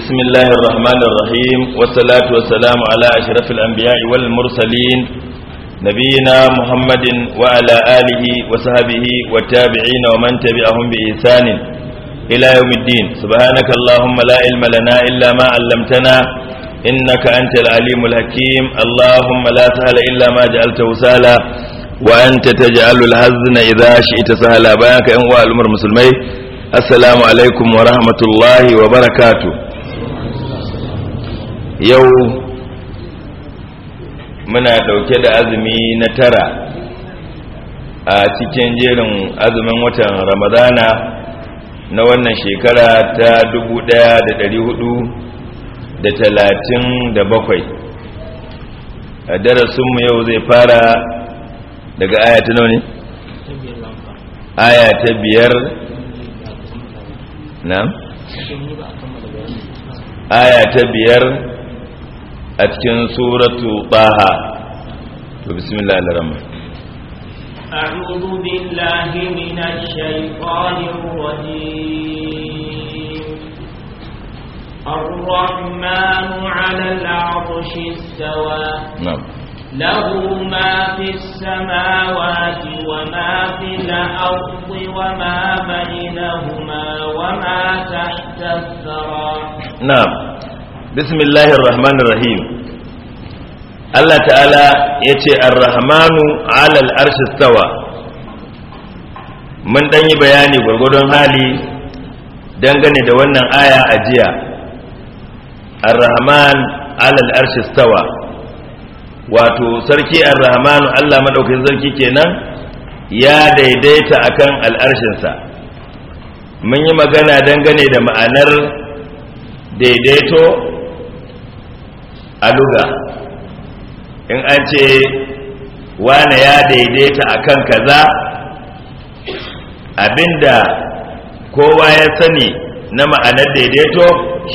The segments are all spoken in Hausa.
بسم الله الرحمن الرحيم والصلاة والسلام على أشرف الأنبياء والمرسلين نبينا محمد وعلى آله وصحبه والتابعين ومن تبعهم بإحسان إلى يوم الدين سبحانك اللهم لا علم لنا إلا ما علمتنا إنك أنت العليم الحكيم اللهم لا سهل إلا ما جعلته سهلا وأنت تجعل الحزن إذا شئت سهلا بياك أنواع الأمر المسلمين السلام عليكم ورحمة الله وبركاته yau muna ɗauke da azumi na tara a cikin jerin azumin watan ramadana na wannan shekara ta dubu ɗaya da hudu da talatin da bakwai. a darasinmu yau zai fara daga aya nau ne? aya biyar na? aya ta biyar a cikin suratu taha to bismillah al-rahman a'udhu billahi minash shaitanir rajim ar-rahmanu 'ala al-'arshi istawa na'am له ما في السماوات وما في الأرض وما بينهما وما تحت الثرى نعم bismillahir rahmanir rahim Allah ta'ala ya ce ar-rahmanu alal arshi mun dan yi bayani gwargwadon hali dangane da wannan aya a jiya ar-rahman alal arshi wato sarki ar-rahmanu Allah maɗaukacin sarki kenan ya daidaita akan al'arshinsa mun yi magana dangane da ma'anar daidaito a in an ce wane ya daidaita a kan kaza abinda kowa ya sani na ma'anar daidaito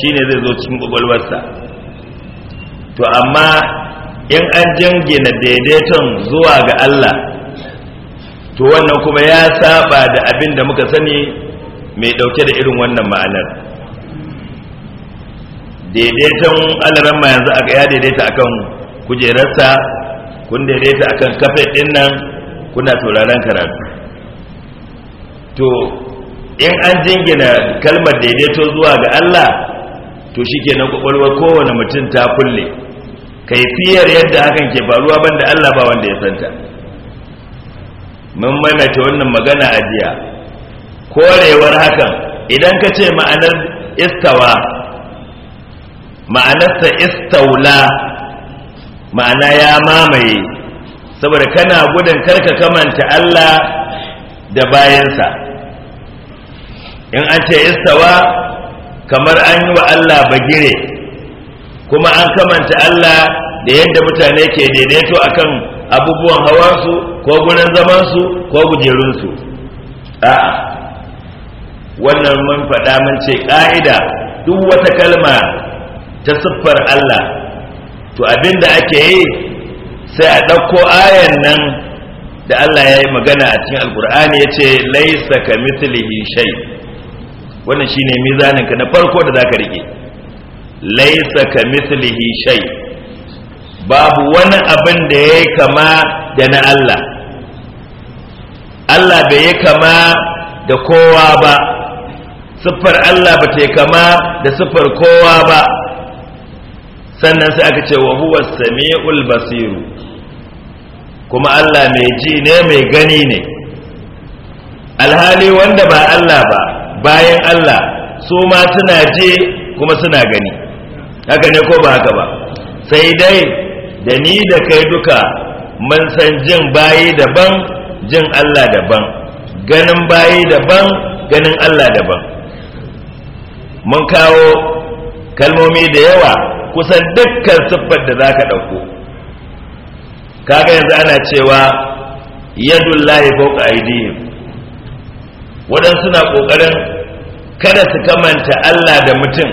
shine zai zo cikin kwakwalwarsa to amma in an jingina daidaiton zuwa ga Allah to wannan kuma ya saba da abin da muka sani mai dauke da irin wannan ma'anar daidaiton alaran ma yanzu a ya daidaita akan kujerarsa kun daidaita akan kafe ɗin nan kuna sauraron karatu to in an jingina kalmar daidaito zuwa ga Allah to shikenan kwakwalwar kowane mutum ta kulle kaifiyar yadda hakan ke faruwa banda Allah ba wanda ya santa mun maimaita wannan magana a jiya korewar hakan idan ka ce ma'anar istawa ma'anarsa istaula ma'ana ya mamaye saboda kana gudun karka kamanta Allah da bayansa in an ce istawa kamar an yi wa Allah bagire kuma an kamanta Allah da yadda mutane ke daidaito kan abubuwan hawansu ko gurin zamansu ko gujerunsu a'a wannan mun faɗa mun ce ƙa'ida duk wata kalma ta siffar Allah to abinda ake yi sai a ɗauko ayan nan da Allah ya yi magana a cikin alkur'ani ya ce laisa ka mitlihi shay wannan shine mizanin ka na farko da zaka rike laisa ka mitlihi shay babu wani abin da ya kama da na Allah Allah bai yi kama da kowa ba siffar Allah ba ta kama da siffar kowa ba sannan sai aka ce wa huwa sami'ul basiru kuma Allah mai ji ne mai gani ne alhali wanda ba Allah ba bayan Allah su ma suna ji kuma suna gani haka ne ko ba haka ba sai dai da ni da kai duka mun san jin bayi daban jin Allah daban ganin bayi daban ganin Allah daban mun kawo kalmomi da yawa kusan dukkan siffar da zaka dauko kaga yanzu ana cewa yadullahi ko aydihim wadan suna kokarin kada su kamanta Allah da mutum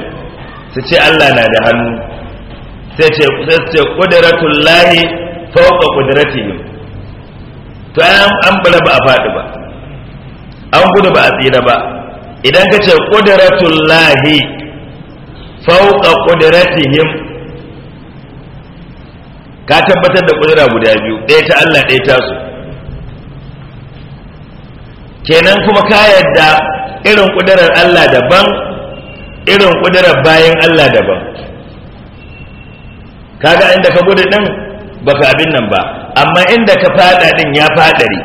su ce Allah na da hannu sai ce sai ce qudratullahi fawqa qudratihim to an ambala ba a faɗi ba an gudu ba a tsira ba idan ka ce ƙuduratun lahi fauka qudratihim ka tabbatar da kudura guda biyu ɗaya ta Allah ɗaya ta su kenan kuma ka yadda irin kudurar Allah daban irin kudurar bayan Allah daban kaga inda ka gudu din baka abin nan ba amma inda ka fada din ya fadari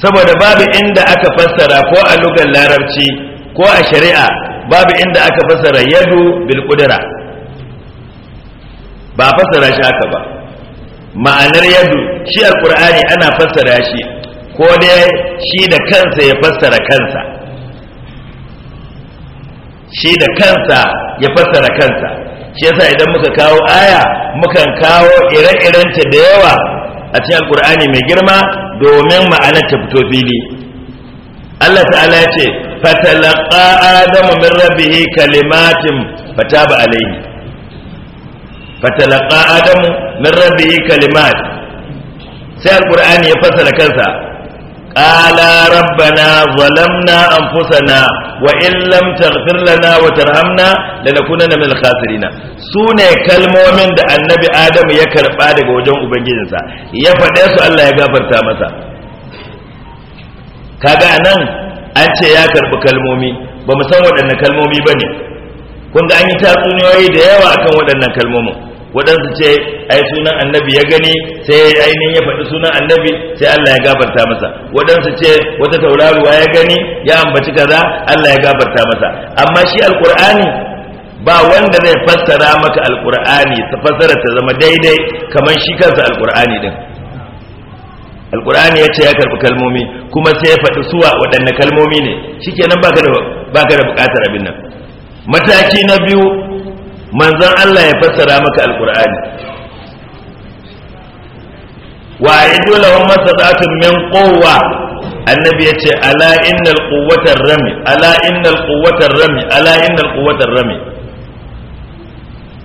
saboda babu inda aka fassara ko a lugar larabci ko a shari'a babu inda aka fasara yadu bil qudra ba fasara shi haka ba ma'anar yadu shi alqur'ani ana fasara shi ko dai shi da kansa ya fasara kansa shi da kansa ya fasara kansa shi yasa idan muka kawo aya mukan kawo ire-irenta da yawa a cikin alkur'ani mai girma domin ma'anar ta fito fili Allah ta'ala ya ce fatalaqa adamu min rabbihi kalimatin fataba alayhi fatalaqa adamu min rabbihi kalimat sai alqur'ani ya fasala kansa qala zalamna anfusana wa in lam taghfir lana sune kalmomin da annabi Adamu ya karɓa daga wajen ubangijinsa ya fada su Allah ya gafarta masa kaga nan an ce ya karbi kalmomi ba mu san waɗannan kalmomi ba ne kun ga an yi tatsuniyoyi da yawa akan waɗannan kalmomin waɗansu ce ai sunan annabi ya gani sai ainihin ya faɗi sunan annabi sai Allah ya gafarta masa waɗansu ce wata tauraruwa ya gani ya ambaci kaza Allah ya gafarta masa amma shi alkur'ani ba wanda zai fassara maka alkur'ani ta fassara ta zama daidai kamar shi kansa alkur'ani din alkur'ani ya ce ya karbi kalmomi kuma sai ya faɗi suwa waɗanne kalmomi ne shikenan baka da baka da buƙatar abin nan mataki na biyu manzon Allah ya fassara maka alkur'ani wa yajidu masa masadatun min quwwa annabi ya ce ala innal quwwatar rami ala innal rami ala innal rami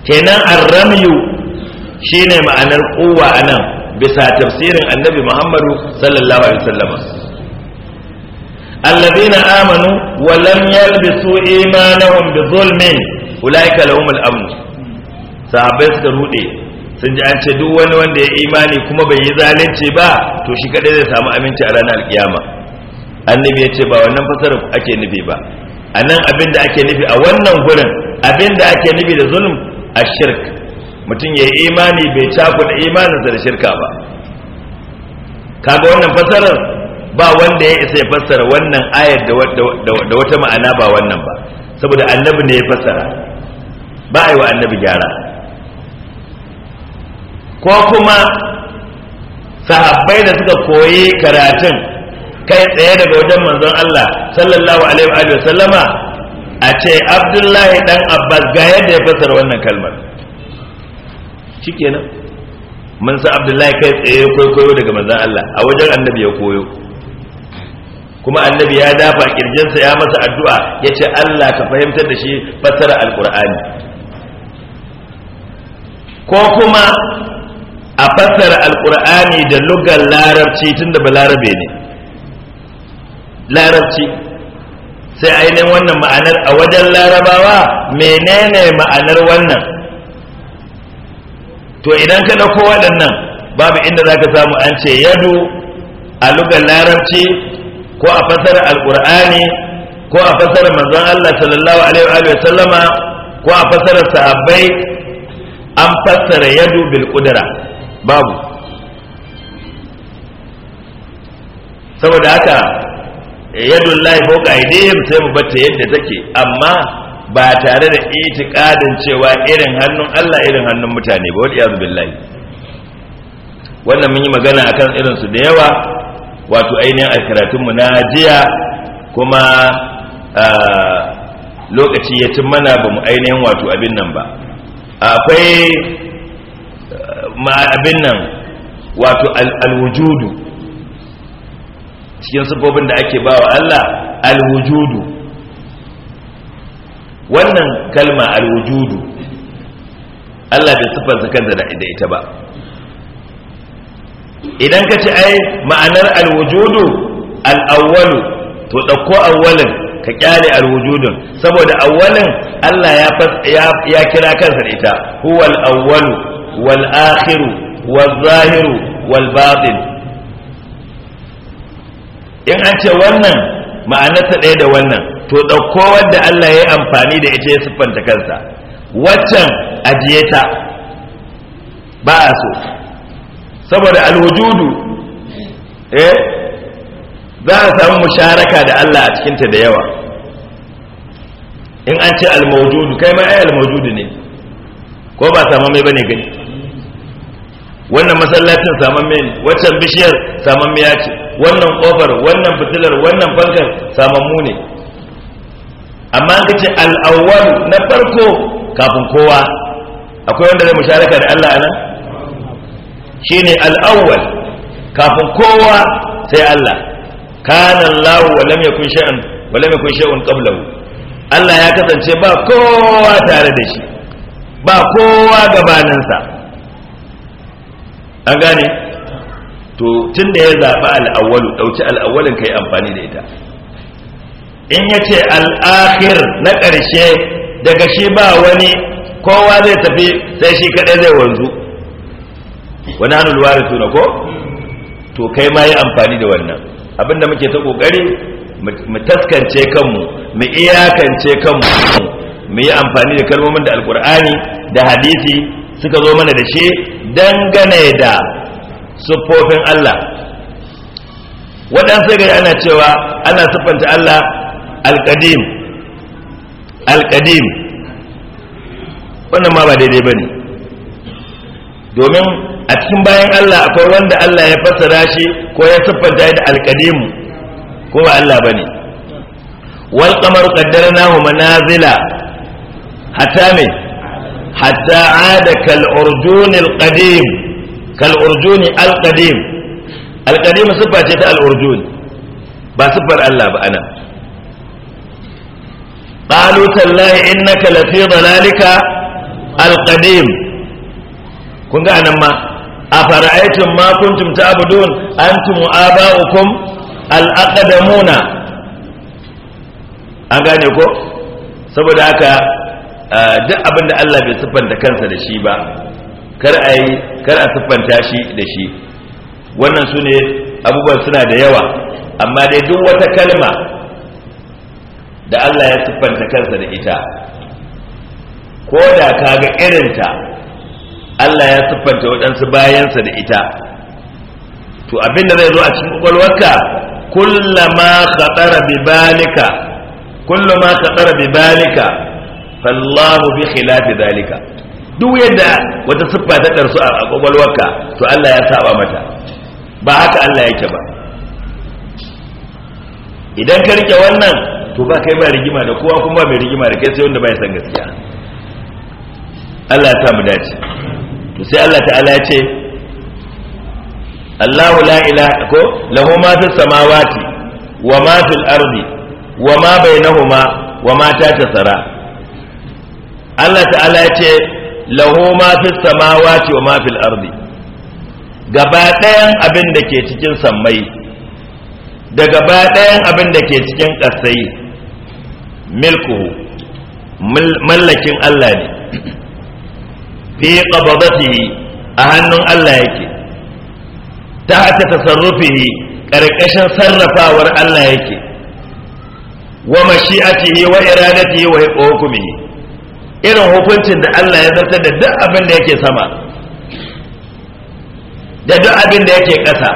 kenan ar shine ma'anar quwwa anan bisa tafsirin annabi muhammadu sallallahu alaihi wasallam alladhina amanu wa lam yalbisu imanahum bi zulmin ulaika lahum al-amn sahabbai suka rude sun ji an ce duk wani wanda ya imani kuma bai yi zalunci ba to shi kadai zai samu aminci a ranar alkiyama annabi ya ce ba wannan fasarar ake nufi ba a nan abin da ake nufi a wannan gurin abin da ake nufi da zulm a shirk mutum ya yi imani bai cakuɗa imaninsa da shirka ba kaga wannan fasarar ba wanda ya isa ya fassara wannan ayar da wata ma'ana ba wannan ba saboda annabi ne ya fassara ba a yi wa annabi gyara ko kuma sahabbai da suka koyi karatun kai tsaye daga wajen manzon Allah sallallahu alaihi wa sallama a ce Abdullahi dan Abbas ga yadda ya fassara wannan kalmar shikenan mun san abdullahi kai tsaye kwaikwayo daga manzon Allah a wajen annabi ya koyo kuma annabi ya dafa kirjinsa ya masa addu'a ya ce Allah ka fahimtar da shi fassara alkur'ani ko kuma a fassara alkur'ani da lugar larabci tunda ba larabe ne larabci sai ainihin wannan ma'anar a wajen larabawa menene ma'anar wannan to idan ka ɗauko waɗannan babu inda za ka samu an ce yadu a lugar larabci ko a fasar alkur'ani ko a fasar manzon Allah sallallahu alaihi wa sallama ko a fasar sahabbai an fassara yadu bil kudura babu saboda haka yadu Allah fauka aidihim sai mu bace yadda take amma ba tare da itikadin cewa irin hannun Allah irin hannun mutane ba wadda yazu billahi wannan mun yi magana a kan irinsu da yawa wato ainihin a na jiya kuma lokaci ya cin mana ba mu ainihin wato abin nan ba akwai abin nan wato alwujudu cikin sufofin da ake ba wa Allah alwujudu wannan kalma alwujudu Allah bai siffarsa kansa da ita ba idan ka ci ai ma'anar alwujudu al'awwalu to ɗauko awwalin ka kyale alwujudun saboda awwalin Allah ya kira kansa da ita huwa al'awwalu wal akhiru wal zahiru wal batin in an ce wannan ma'anarsa ɗaya da wannan to ɗauko wadda Allah ya yi amfani da ita ya siffanta kansa waccan ajiye ta ba a so saboda alwujudu eh za a samu musharaka da Allah a cikinta da yawa in an ce almawjudu kai ma ai almawjudu ne ko ba samu mai bane gani wannan masallacin saman mai waccan bishiyar saman mai ya ce wannan kofar wannan fitilar wannan fankar samammu ne amma an kace al'awwal na farko kafin kowa akwai wanda zai musharaka da Allah anan shine al'awwal kafin kowa sai Allah kana Allah wa lam yakun shay'an wa lam yakun shay'un qablahu Allah ya kasance ba kowa tare da shi ba kowa gabaninsa an gane to tun da ya zaɓi al'awwalu ɗauki al'awwalin ka yi amfani da ita in ya ce al'akhir na ƙarshe daga shi ba wani kowa zai tafi sai shi kaɗai zai wanzu wani hannun warisu na ko to kai ma yi amfani da wannan abinda muke ta ƙoƙari mu taskance kanmu mu iyakance kanmu mu yi amfani da kalmomin da alƙur'ani da hadisi suka zo mana da shi dangane da siffofin Allah waɗansu gari ana cewa ana siffanta Allah alƙadim alƙadim wannan ma ba daidai ba ne domin a cikin bayan Allah akwai wanda Allah ya fassara shi ko ya siffanta da alƙadim ko ba Allah ba ne wal qamaru qaddarnahu manazila hatta me hatta ada kal urjunil qadim kal'urjuni alƙadim alƙadim siffa ce ta al'urjuni ba siffar Allah ba ana ƙalu tallahi innaka lafi dalalika alƙadim kun ga anan ma a fara'aitin ma kuntum ta'budun antum wa aba'ukum al-aqdamuna an gane ko saboda haka eh, duk abin da Allah bai siffanta kansa da shi ba kar a yi kar a siffanta shi da shi wannan su ne abubuwan suna da yawa amma dai duk wata kalma da Allah ya siffanta kansa da ita ko da ka ga irinta Allah ya siffanta waɗansu bayansa da ita to abin da zai zo a cikin kwakwalwarka kullama khatara bi balika kullama khatara bi balika fallahu bi khilafi dalika duk yadda wata siffa ta ɗarsu a ƙwaƙwalwarka to Allah ya saba mata ba haka Allah yake ba idan ka rike wannan to ba kai ba rigima da kowa kuma mai rigima da kai sai wanda bai san gaskiya Allah ya samu dace to sai Allah ta'ala ya ce Allahu la ilaha ko lahu ma fi samawati wa ma fil ardi wa ma bainahuma wa ma ta tasara, Allah ta'ala ya ce lahu ma fi samawati wa ma fil ardi gaba ɗayan abin da ke cikin sammai da gaba ɗayan abin da ke cikin ƙasai milku mallakin Allah ne fi qabdatihi a hannun Allah yake ta hata tasarrufihi ƙarƙashin sarrafawar Allah yake wa mashi'atihi wa iradatihi wa hukumihi irin hukuncin da Allah ya zartar da duk abin da yake sama da duk abin da yake ƙasa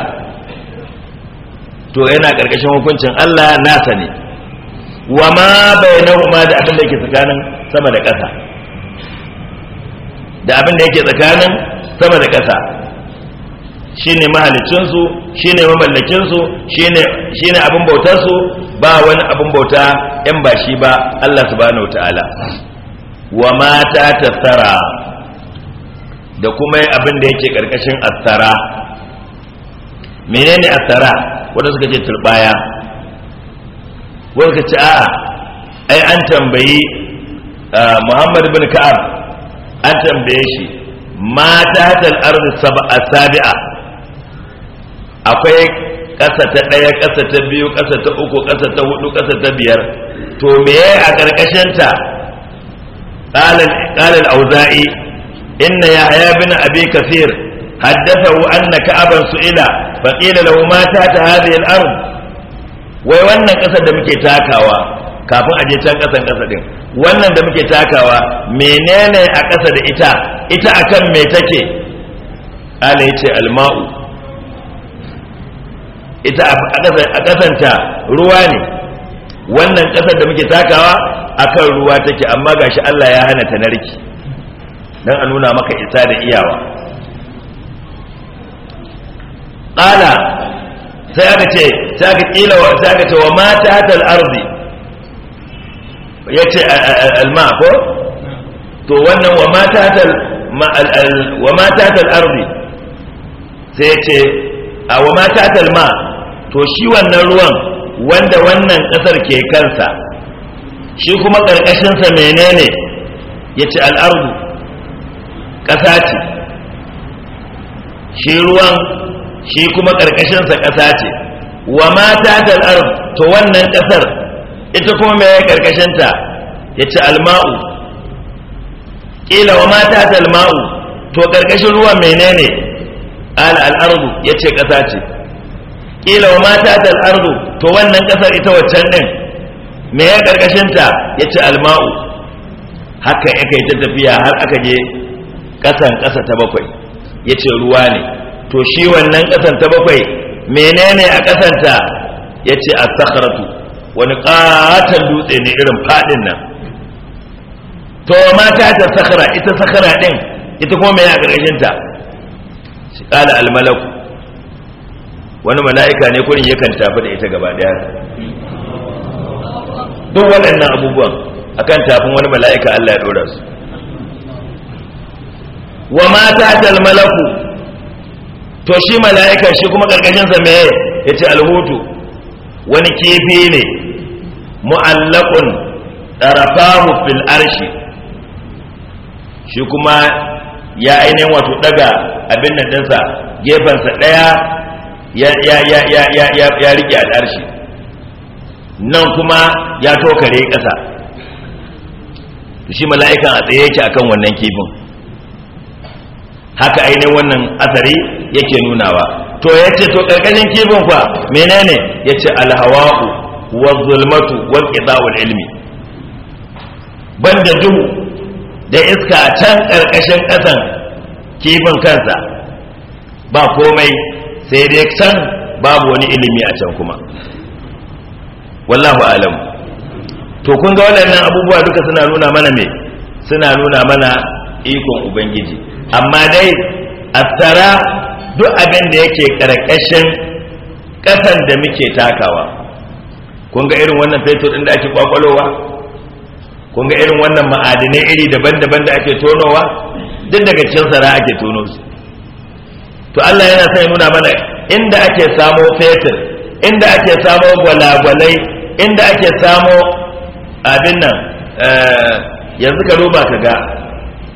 to yana ƙarƙashin hukuncin Allah nasa ne wa ma kuma da abin da yake tsakanin sama da ƙasa da abin da yake tsakanin sama da ƙasa shine mahalicinsu shine mamallakinsu shine shine abin bautarsu ba wani abin bauta yan ba shi ba Allah subhanahu wataala wa mata tattara da kuma abin da yake karkashin asara menene asara wanda suka ce turbaya wanda suka ce a'a ai an tambayi muhammad bin ka'ab an tambaye shi mata tal ardi sab'a sabi'a akwai ƙasa ta ɗaya ƙasa ta biyu ƙasa ta uku ƙasa ta hudu ƙasa ta biyar to meye a ƙarƙashinta قال الأوزائي إن يحيى بن أبي كثير حدثه أن كعبا سئل فقيل له ما تات هذه الأرض wai wannan ƙasar da muke takawa kafin a je can ƙasan ƙasa din wannan da muke takawa menene a ƙasa da ita ita akan me take ala yace alma'u ita a ƙasanta ruwa ne wannan ƙasar da muke takawa akan ruwa take amma gashi Allah ya hana ta narki dan a nuna maka isa da iyawa qala sai aka ce sai aka kila wa sai aka ce wa ma tahta al-ardi yace al-ma ko to wannan wa ma tahta wa ma tahta al-ardi sai yace a wa ma tahta al-ma to shi wannan ruwan wanda wannan ƙasar ke kansa shi kuma ƙarƙashinsa menene ya ci al'ardu ƙasa ce shi ruwan shi kuma ƙarƙashinsa ƙasa ce wa mata ta al'ardu to wannan ƙasar ita kuma mai ƙarƙashinta ya ci alma'u ƙila wa mata ta alma'u to ƙarƙashin ruwan menene al'ardu ya ce ƙasa ce kila wa mata tal ardu to wannan kasar ita waccan din me ya karkashin ta yace alma'u haka yake ta tafiya har aka je kasan kasa ta bakwai yace ruwa ne to shi wannan kasan ta bakwai menene a kasan ta yace as-sakhratu wani katon dutse ne irin fadin nan to mata ta sakara, ita sakara din ita kuma me ya karkashin ta qala al-malaku wani mala'ika ne kurin yakan tafi da ita gaba daya duk waɗannan abubuwan akan tafin wani mala'ika Allah ya dora su wa mata tal malaku to shi mala'ika shi kuma ƙarƙashinsa sa me ce alhutu wani kifi ne mu’allakun ɗarafa fil arshi shi kuma ya ainihin wato daga abin nan ɗinsa ɗaya. ɗaya ya rike al'arshi nan kuma ya tokare ƙasa shi mala'ikan a tsaye yake akan wannan kifin haka ainihin wannan asari yake nunawa to ya ce to ƙarƙashin kifin kwa menene ya ce alhawa'u wa zulmatu wa ƙidawul ilmi banda duhu da iska a can ƙarƙashin ƙasan kifin kansa ba komai sai dai can babu wani ilimi a can kuma wallahu alam to kun ga waɗannan abubuwa duka suna nuna mana me suna nuna mana ikon ubangiji amma dai attara duk abin da yake karkashin ƙasan da muke takawa kun ga irin wannan fetur ɗin da ake kwakwalowa kun ga irin wannan ma'adinai iri daban-daban da ake tonowa duk daga cikin sara ake tono su to Allah yana sai nuna mana inda ake samo fetur inda ake samo gwalagwalai inda ake samo abin nan eh, yanzu ka duba ka ga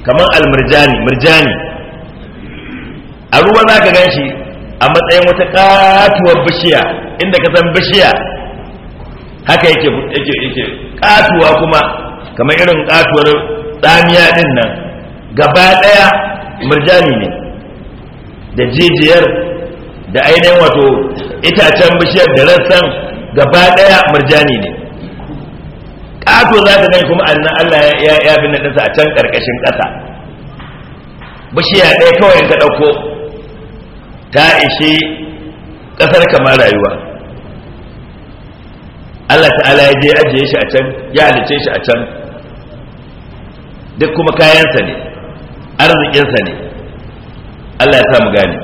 kamar almurjani Mirjani. a ruwa za ka gan shi a matsayin wata katuwar bishiya inda ka san bishiya haka yake yake katuwa kuma kamar irin katuwar tsamiya din nan gaba daya murjani ne da jijiyar da ainihin wato itacen bishiyar da rassan gaba daya murjani ne ƙato za ta gani kuma annan Allah ya ya fi naɗinsa a can ƙarƙashin ƙasa bishiya ɗaya kawai ka ɗauko ta ishe ƙasar kamar rayuwa Allah ta'ala ya je ajiye shi a can ya halice shi a can duk kuma kayansa ne arzikinsa ne Allah ya sa mu gane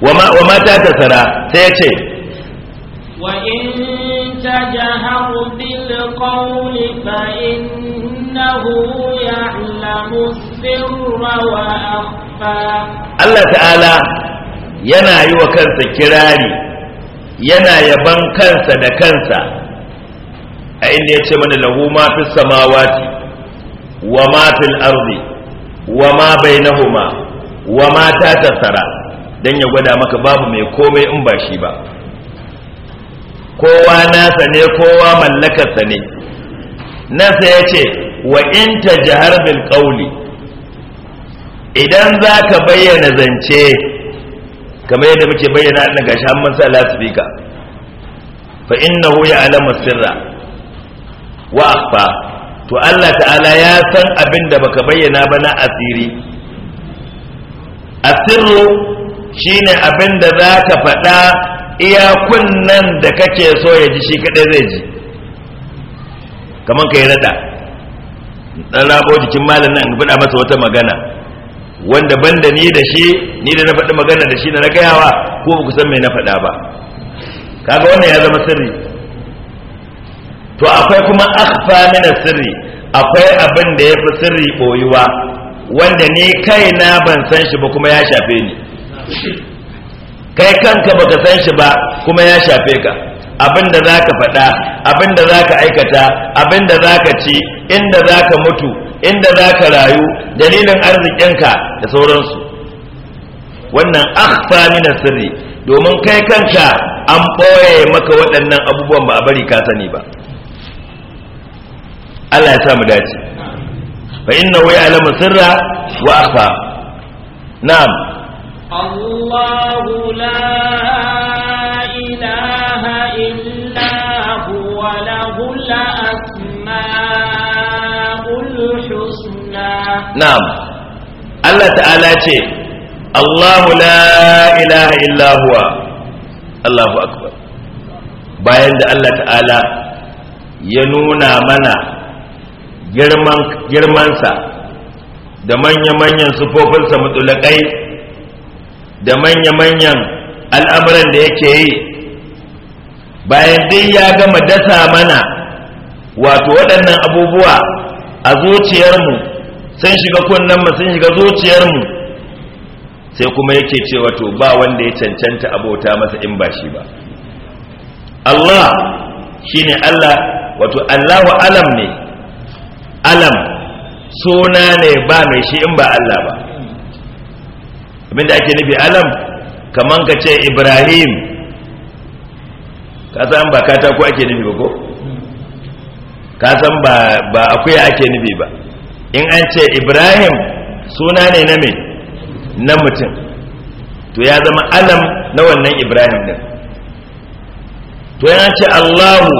wa mata ta sara sai ya ce wa in tajaharu bil qawli fa innahu ya'lamu sirra wa akhfa Allah ta'ala yana yi wa kansa kirari yana yaban kansa da kansa a inda ya ce mana lahu ma fi samawati wa ma fil ardi wa ma bainahuma wa mata tattara don ya gwada maka babu mai komai in ba shi ba kowa nasa ne kowa mallakarsa ne nasa ya ce wa in ta jihar bil ƙauli idan za ka bayyana zance kamar yadda muke bayyana a daga hannun sa lasifika fa inna huya alama sirra wa akfa to Allah ta'ala ya san abin da baka bayyana ba na asiri asirru shine abin da za ka faɗa iyakun nan da kake so ya ji shi kaɗai zai ji kamar ka yi rada ɗan rabo jikin malam nan faɗa masa wata magana wanda banda ni da shi ni da na faɗi magana da shi da na gayawa ko ba san mai na faɗa ba kaga wannan ya zama sirri to akwai kuma akhfa min sirri akwai abin da yafi sirri boyuwa wanda ni kaina ban san shi ba kuma ya shafe ni kai kanka baka san shi ba kuma ya shafe ka abinda zaka faɗa abinda zaka aikata abinda zaka ci inda zaka mutu inda zaka rayu dalilin arzikinka da sauransu wannan akhfa min sirri domin kai kanka an ɓoye maka waɗannan abubuwan ba a bari ka sani ba Allah ya sa mu dace fa innahu ya'lamu sirra wa akhfa na'am la ilaha illa huwa asmaul husna na'am Allah ta'ala ce Allahu la ilaha illa huwa bayan da Allah ta'ala ya nuna mana girmansa da manya-manyan sufofinsa mutulakai da manya-manyan al'amuran da yake yi bayan duk ya gama dasa mana wato waɗannan abubuwa a zuciyarmu sun shiga kunnenmu sun shiga zuciyarmu sai kuma yake ce wato ba wanda ya cancanta abota masa in ba shi ba Allah shine Allah wato Allahu alam ne alam suna ne ba mai shi in ba Allah ba abinda ake nufi alam kaman ka ce ibrahim ka san ba kata ko ake nufi ba ko ka san ba akuya ake nufi ba in an ce ibrahim suna ne na mai na mutum to ya zama alam na wannan ibrahim din to ya ce allahu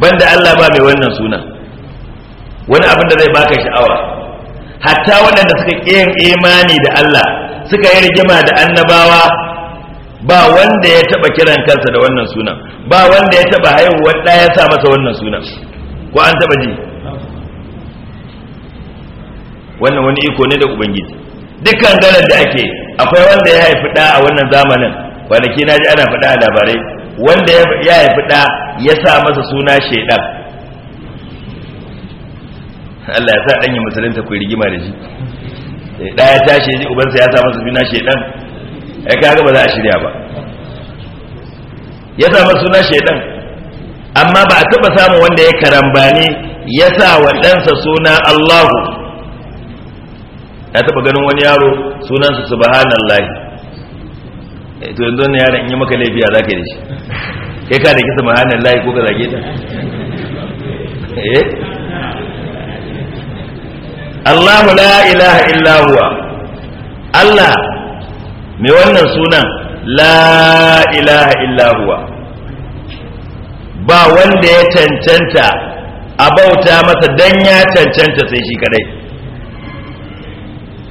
banda allah ba mai wannan suna wani abin da zai baka sha'awa hatta waɗanda suka yin imani da Allah suka yi rigima da annabawa ba wanda ya taba kiran kansa da wannan sunan ba wanda ya taba haihuwar da ya sa masa wannan sunan ko an taba ji wannan wani iko ne da ubangiji dukkan garar da ake akwai wanda ya haifi da a wannan zamanin kwanaki na ji ana faɗa a labarai wanda ya haifi da ya sa masa suna shaidan Allah ya sa dan yi musulunta ku rigima da shi da eh, ya tashi ji ubansa ya sa masa suna shedan ai eh, kaga ba za a shirya ba ya sa masa suna shedan amma ba a taba samu wanda ya karambani ya sa wa ɗansa suna Allahu Ya taba ganin wani yaro sunansa subhanallahi eh, to yanzu ne yaron in yi maka laifi a zaka da shi kai ka da kisa mahanar ko ka zage ta eh Allah la ilaha illa huwa Allah mai wannan sunan la ilaha illa ba wanda ya cancanta a bauta masa dan ya cancanta sai shi kadai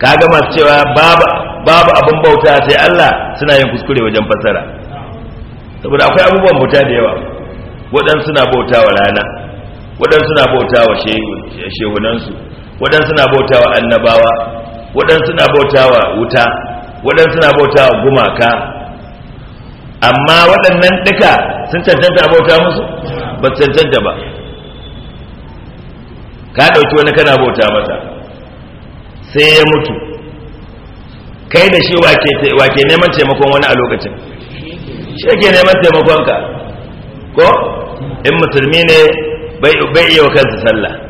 kaga masu cewa babu abin bauta sai Allah suna yin kuskure wajen fasara saboda akwai abubuwan bauta da yawa waɗansu suna bauta wa rana waɗansu suna bauta wa shehunansu wadan suna bautawa annabawa wadan suna bautawa wuta wadan suna bautawa gumaka amma waɗannan duka sun cancanta a bauta musu ba su cancanta ba ka ɗauki wani kana bauta mata sai ya mutu kai da shi wake neman taimakon wani a lokacin shi yake neman taimakonka ko in musulmi ne bai iya wa kansa sallah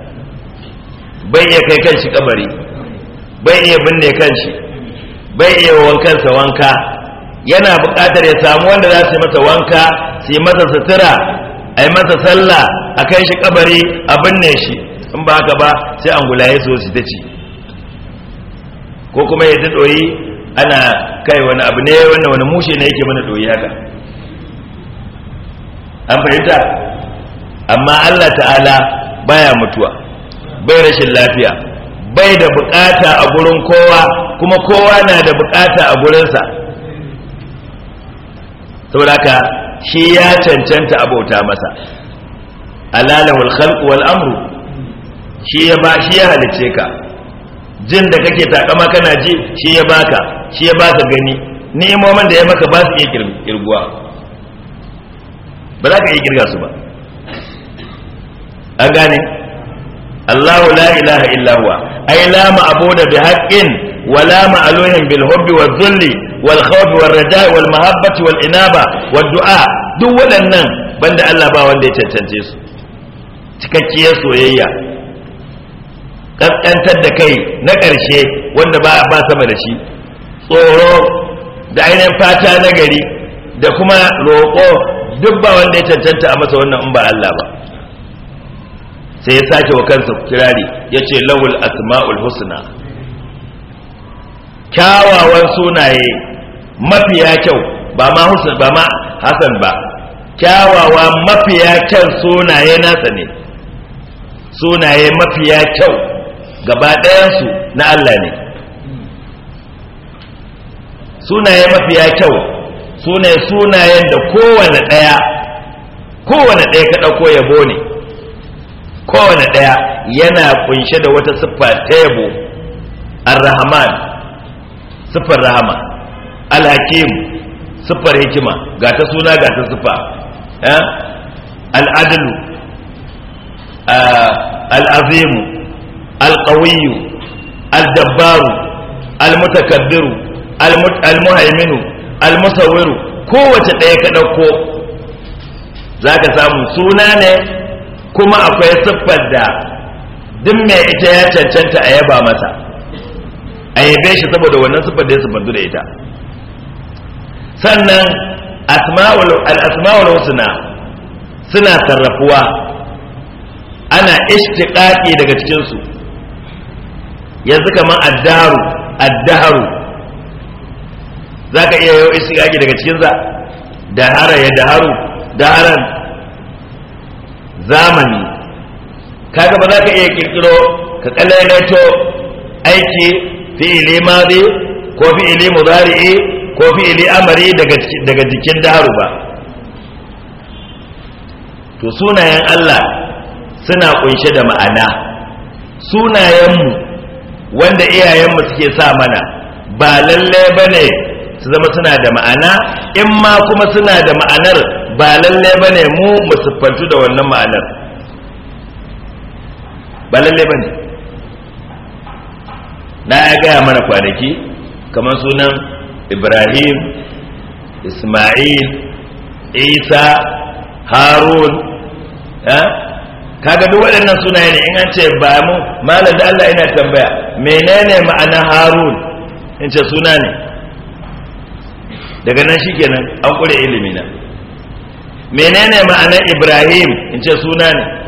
bai iya kai kanshi kabari bai iya binne kanshi bai iya wankansa wanka yana buƙatar ya samu wanda za su yi masa wanka su yi masa sutura a yi masa sallah a kai shi kabari a binne shi in ba haka ba sai an gulaye su su dace ko kuma ya ta ɗoyi ana kai wani abu ne wani wani mushe ne yake mana ɗoyi haka an fahimta amma allah ta'ala baya mutuwa bai rashin lafiya bai da bukata a gurin kowa kuma kowa na da bukata a gurinsa saboda haka shi ya cancanta abota masa alalahul khalq wal amru shi ya ba shi ya halice ka jin da kake takama kana ji shi ya baka shi ya baka gani ni'imomin da ya maka ba su iya kirguwa ba za ka iya kirga su ba an gane Allahu la illahua. illa lama ai la bi haqqin walama la ma'luhin bil hubbi wal dhulli wal raja'i wal mahabbati wal inaba wad du'a duk waɗannan banda Allah ba wanda ya cancance su cikakkiyar soyayya kaskantar da kai na ƙarshe wanda ba ba sama da shi tsoro da ainihin fata na gari da kuma roƙo duk ba wanda ya cancanta a masa wannan in ba Allah ba sai ya sake wa kansa kirari ya ce lawul asma'ul husna kyawawan sunaye mafiya kyau ba ma husna ba ma hasan ba kyawawa mafiya kyan sunaye nasa ne sunaye mafiya kyau gaba ɗayansu na Allah ne sunaye mafiya kyau sunaye sunayen da kowane ɗaya kowane ɗaya ka ɗauko yabo ne kowane ɗaya yana kunshe da wata siffa ta yabo ar-rahman siffar rahama al-hakim siffar hikima ga ta suna ga ta siffa al-adlu ah, al-azim al-qawiy al-jabbar al-mutakabbir al-muhaymin al-musawwir kowace ɗaya ka ɗauko za ka samu suna ne kuma akwai siffar da duk mai ita ya cancanta a yaba masa a yabe shi saboda wannan siffar da ya siffantu da ita sannan al'asma'ul husna suna sarrafuwa ana ishtiqaqi daga cikinsu yanzu kamar addaru addaharu za ka iya yau ishtiqaqi daga cikinsa dahara ya daharu daharan zamani kaga ba za ka iya kirkiro ka kalalato aiki fi'ili madi ko fi'ili mudari'i ko fi'ili amari daga jikin daru ba to sunayen Allah suna kunshe da ma'ana sunayenmu wanda iyayenmu suke sa mana ba lalle bane su zama suna da ma'ana in ma kuma suna da ma'anar ba lalle ba ne mu musuffantu da wannan ma'anar ba lalle ba ne na ya gaya mana kwanaki kamar sunan ibrahim ismail isa harun kaga duk waɗannan sunaye ne in an ce ba mu malam da Allah ina tambaya menene ma'anar harun in ce suna ne daga nan shi shikenan an kure ilimi na menene ma'anar ibrahim in ce suna ne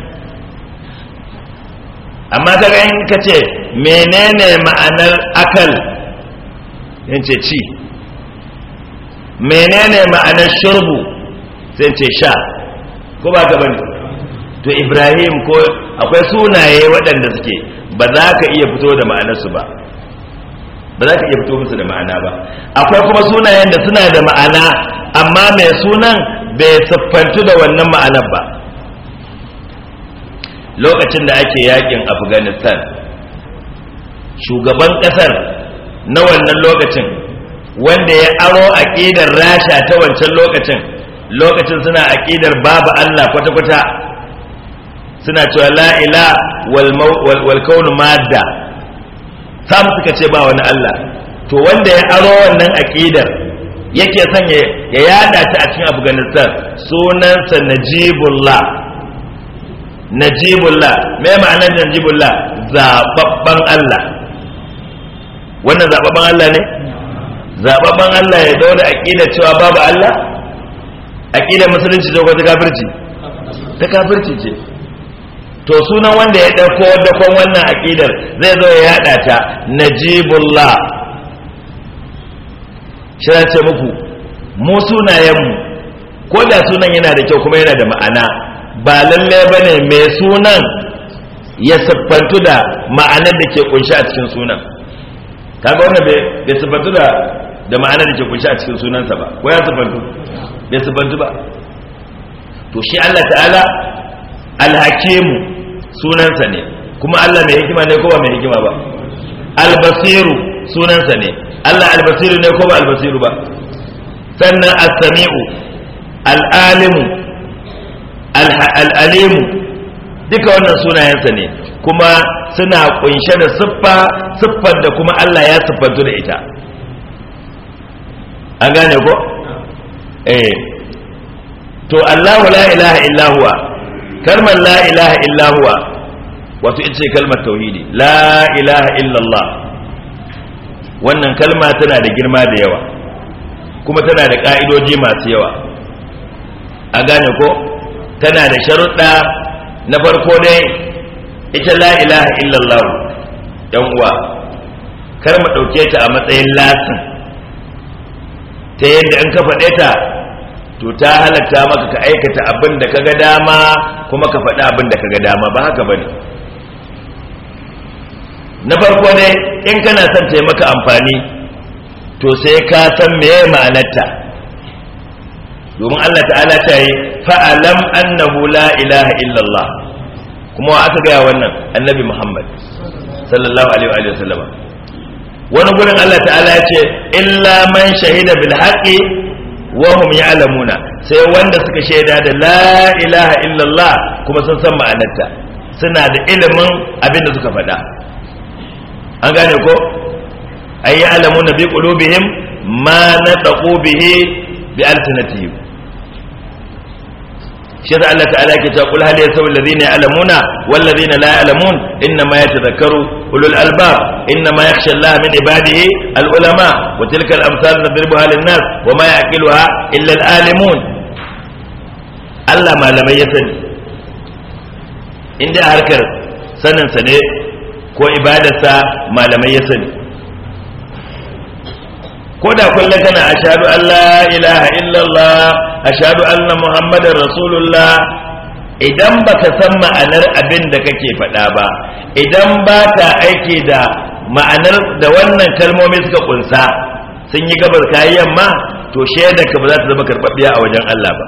amma ta in ka ce menene ma'anar akal in ce ci menene ma'anar shurbu sai ce sha ko ba ka bane to ibrahim ko akwai sunaye waɗanda suke ba za ka iya fito da ma'anarsu ba ba za ka iya fito musu da ma'ana ba akwai kuma sunayen da suna da ma'ana amma mai sunan bai siffantu da wannan ma'anar ba lokacin da ake yakin afghanistan shugaban kasar na wannan lokacin wanda ya aro aƙidar rasha ta wancan lokacin lokacin suna aƙidar babu allah kwata-kwata suna cewa la'ila wal kaunu madda sam suka ce ba wani Allah to wanda ya aro wannan aqidar yake son ya yada ta a cikin Afghanistan sunansa Najibullah Najibullah me ma'anar Najibullah zababban Allah wannan zababban Allah ne zababban Allah ya daura aqida cewa babu Allah Aƙidar musulunci ce ko ta kafirci ta kafirci ce to sunan wanda ya ɗauko dakon wannan aƙidar zai zo ya yaɗa ta najibullah shi ce muku mu sunayenmu ko da sunan yana da kyau kuma yana da ma'ana ba lalle ba ne mai sunan ya siffantu da ma'anar da ke kunshi a cikin sunan kaga wannan bai siffantu da da ma'anar da ke kunshi a cikin sunansa ba ko ya siffantu bai siffantu ba to shi Allah ta'ala alhakimu sunansa ne kuma Allah mai hikima ne ko ba mai hikima ba albasiru sunansa ne Allah albasiru ne ko ba albasiru ba sannan as-sami'u al-alimu al-alimu duka wannan sunayensa ne kuma suna kunshe da siffa siffar da kuma Allah ya siffantu da ita an gane ko eh to Allahu la ilaha illa huwa kalmar la ilaha illa huwa wato ita ce kalmar tauhidi la ilaha illallah wannan kalma tana da girma da yawa kuma tana da ƙa'idoji masu yawa a gane ko tana da sharuɗa na farko dai ita la ilaha illallah yan uwa kalmar ɗauke ta a matsayin lasin ta yadda an kafa ɗaya ta to ta halatta maka ka aikata abin da kaga dama kuma ka faɗi abin da kaga dama ba haka bane na farko ne in kana son ta maka amfani to sai ka san meye ma'anarta domin Allah ta'ala ta yi fa'alam annahu la ilaha illallah kuma wa aka gaya wannan annabi Muhammad sallallahu alaihi wa sallama wani gurin Allah ta'ala ya ce illa man shahida bil haqqi wahum ya'lamuna sai wanda suka shaida da la ilaha illallah kuma sun san ma'anarta suna da ilimin abin da suka faɗa an gane ko ay ya'lamuna bi qulubihim ma nataqu bihi bi alsanatihim shi da Allah ta'ala ke ta kul hal yasaw alladhina ya'lamuna wal ladina la ya'lamun inna ma yatadhakkaru ulul albab inna ma yakhsha Allah min ibadihi al ulama wa tilka al amsal nadribuha lin nas wa ma yaqiluha illa a Allah malamai ya sani inda harkar saninsa ne ko ibadarsa malamai ya sani ko da kullum kana ashadu Allah ilaha illallah ashadu anna muhammadar rasulullah idan baka san ma'anar abin da kake faɗa ba idan ba ta aiki da ma'anar da wannan kalmomi suka kunsa sun yi gabar kayan ma to shaidar ka ba za ta zama karɓaɓɓiya a wajen Allah ba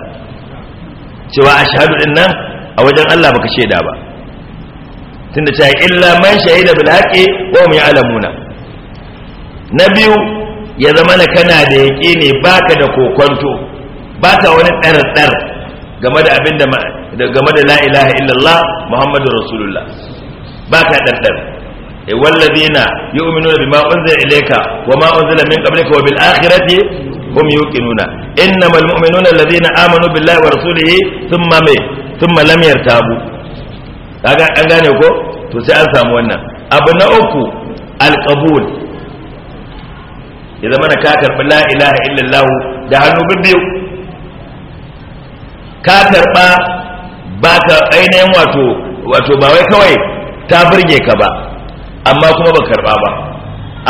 cewa ashadu din nan a wajen Allah baka shaida ba tunda cewa illa man shahida bil haqi wa yi alamuna? na biyu ya zama na kana da yaƙi ne baka da kokonto baka wani ɗarɗar game da abin da game da la ilaha illallah muhammadu rasulullah baka tsar-tsar e eh, wallazina yu'minuna bima unzila ilayka wa ma unzila min qablika wa bil akhirati hum yuqinuna innamal mu'minuna allazina amanu billahi wa rasulihi thumma me thumma lam yartabu kaga an gane ko to sai an samu wannan abu na uku alqabul ya zama na ka karɓi la ilaha illallah da hannu biyu ka karɓa ba ka ainihin wato wato ba wai kawai ta burge ka ba amma kuma ba karɓa ba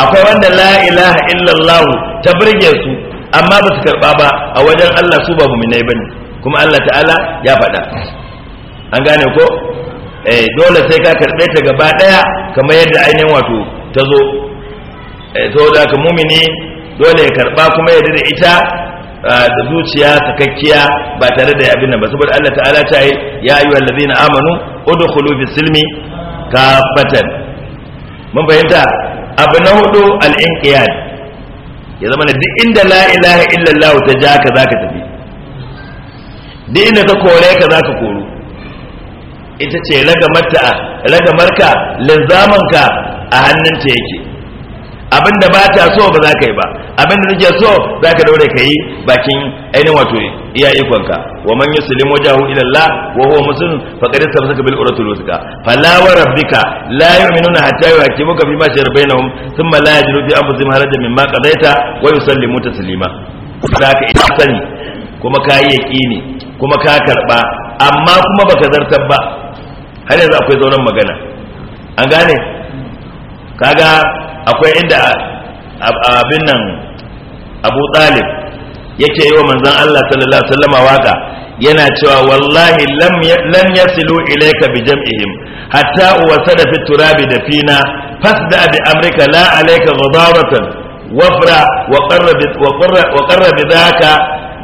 akwai wanda la ilaha illallah ta burge su amma ba su karɓa ba a wajen Allah su ba muminai bane kuma Allah ta'ala ya faɗa an gane ko eh dole sai ka karɓe ta gaba ɗaya kamar yadda ainihin wato ta zo Eh, saboda ka mumini dole ya karba kuma ya da ita ah, da zuciya sakakkiya ba tare da abin nan ba saboda Allah ta'ala ta yi ya ayyuha allazina amanu udkhulu fi silmi kafatan mun bayyana abu na hudu al-inqiyad ya zama da duk inda la ilaha illallah ta ja ka zaka tafi duk inda ka kore ka zaka koro ita ce ragamarta lagamarka linzamanka a hannunta yake abin da ba ta so ba za ka yi ba abin da take so za ka daure ka yi bakin ainihin wato iya ikonka wa man yusulim wajahu ila Allah wa huwa muslim qad istamsaka bil uratul wuthqa fala wa rabbika la yu'minuna hatta yuhaqqimuka bima shar bainahum thumma la yajidu fi anfusihim harajan mimma qadaita wa yusallimu taslima zaka yi sani kuma ka yi yaqini kuma ka karba amma kuma baka zartar ba har yanzu akwai zauren magana an gane kaga akwai inda abin nan abu talib yake yi wa manzan Allah sallallahu alaihi waka yana cewa wallahi lam silu ilayka bi jam'ihim hatta uwa sadafi turabi da fina fasda bi amrika la alayka ghadabatan wafra wa qarrab wa qarrab bidaka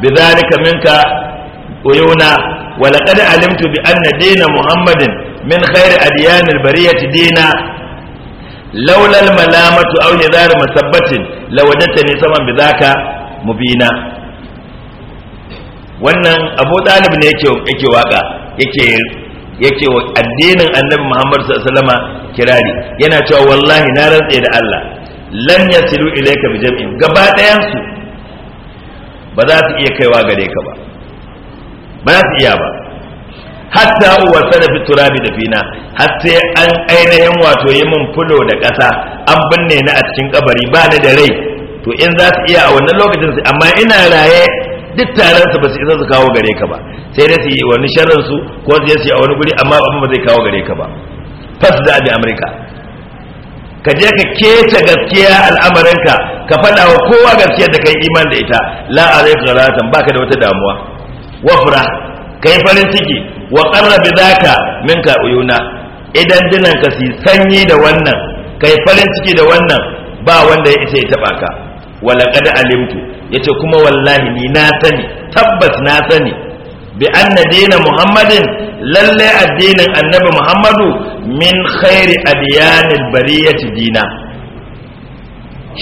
bidhalika minka uyuna wa laqad alimtu bi anna dina muhammadin min khairi adyanil bariyati dina laulal malamatu aw nizar masabbatin lawajatani saman bidaka mubina wannan abu dalib ne yake yake waka yake yake wa addinin annabi Muhammad sallallahu alaihi kirari yana cewa wallahi na rantse da Allah lan yasilu ilayka bi jam'in gaba dayan su ba za su iya kaiwa gare ka ba ba za su iya ba hatta uwa sanafi turabi da fina hatta an ainihin wato yi min fulo da ƙasa an binne ni a cikin kabari ba ni da rai to in za su iya a wannan lokacin su amma ina raye duk taron su ba su isa su kawo gare ka ba sai dai su yi wani sharrin su ko su yi a wani guri amma abin ba zai kawo gare ka ba fas da bi amurka ka je ka keta gaskiya al'amarinka ka faɗa wa kowa gaskiya da kai iman da ita la'arai alaika ghalatan baka da wata damuwa wafra kai farin ciki wa qarrabi zaka minka uyuna idan dinan ka si sanyi da wannan kai farin ciki da wannan ba wanda ya isa ya taba ka wala qad alimtu yace kuma wallahi ni na sani tabbas na sani bi anna dina muhammadin lalle addinin annabi muhammadu min khairi adiyanil bariyati dina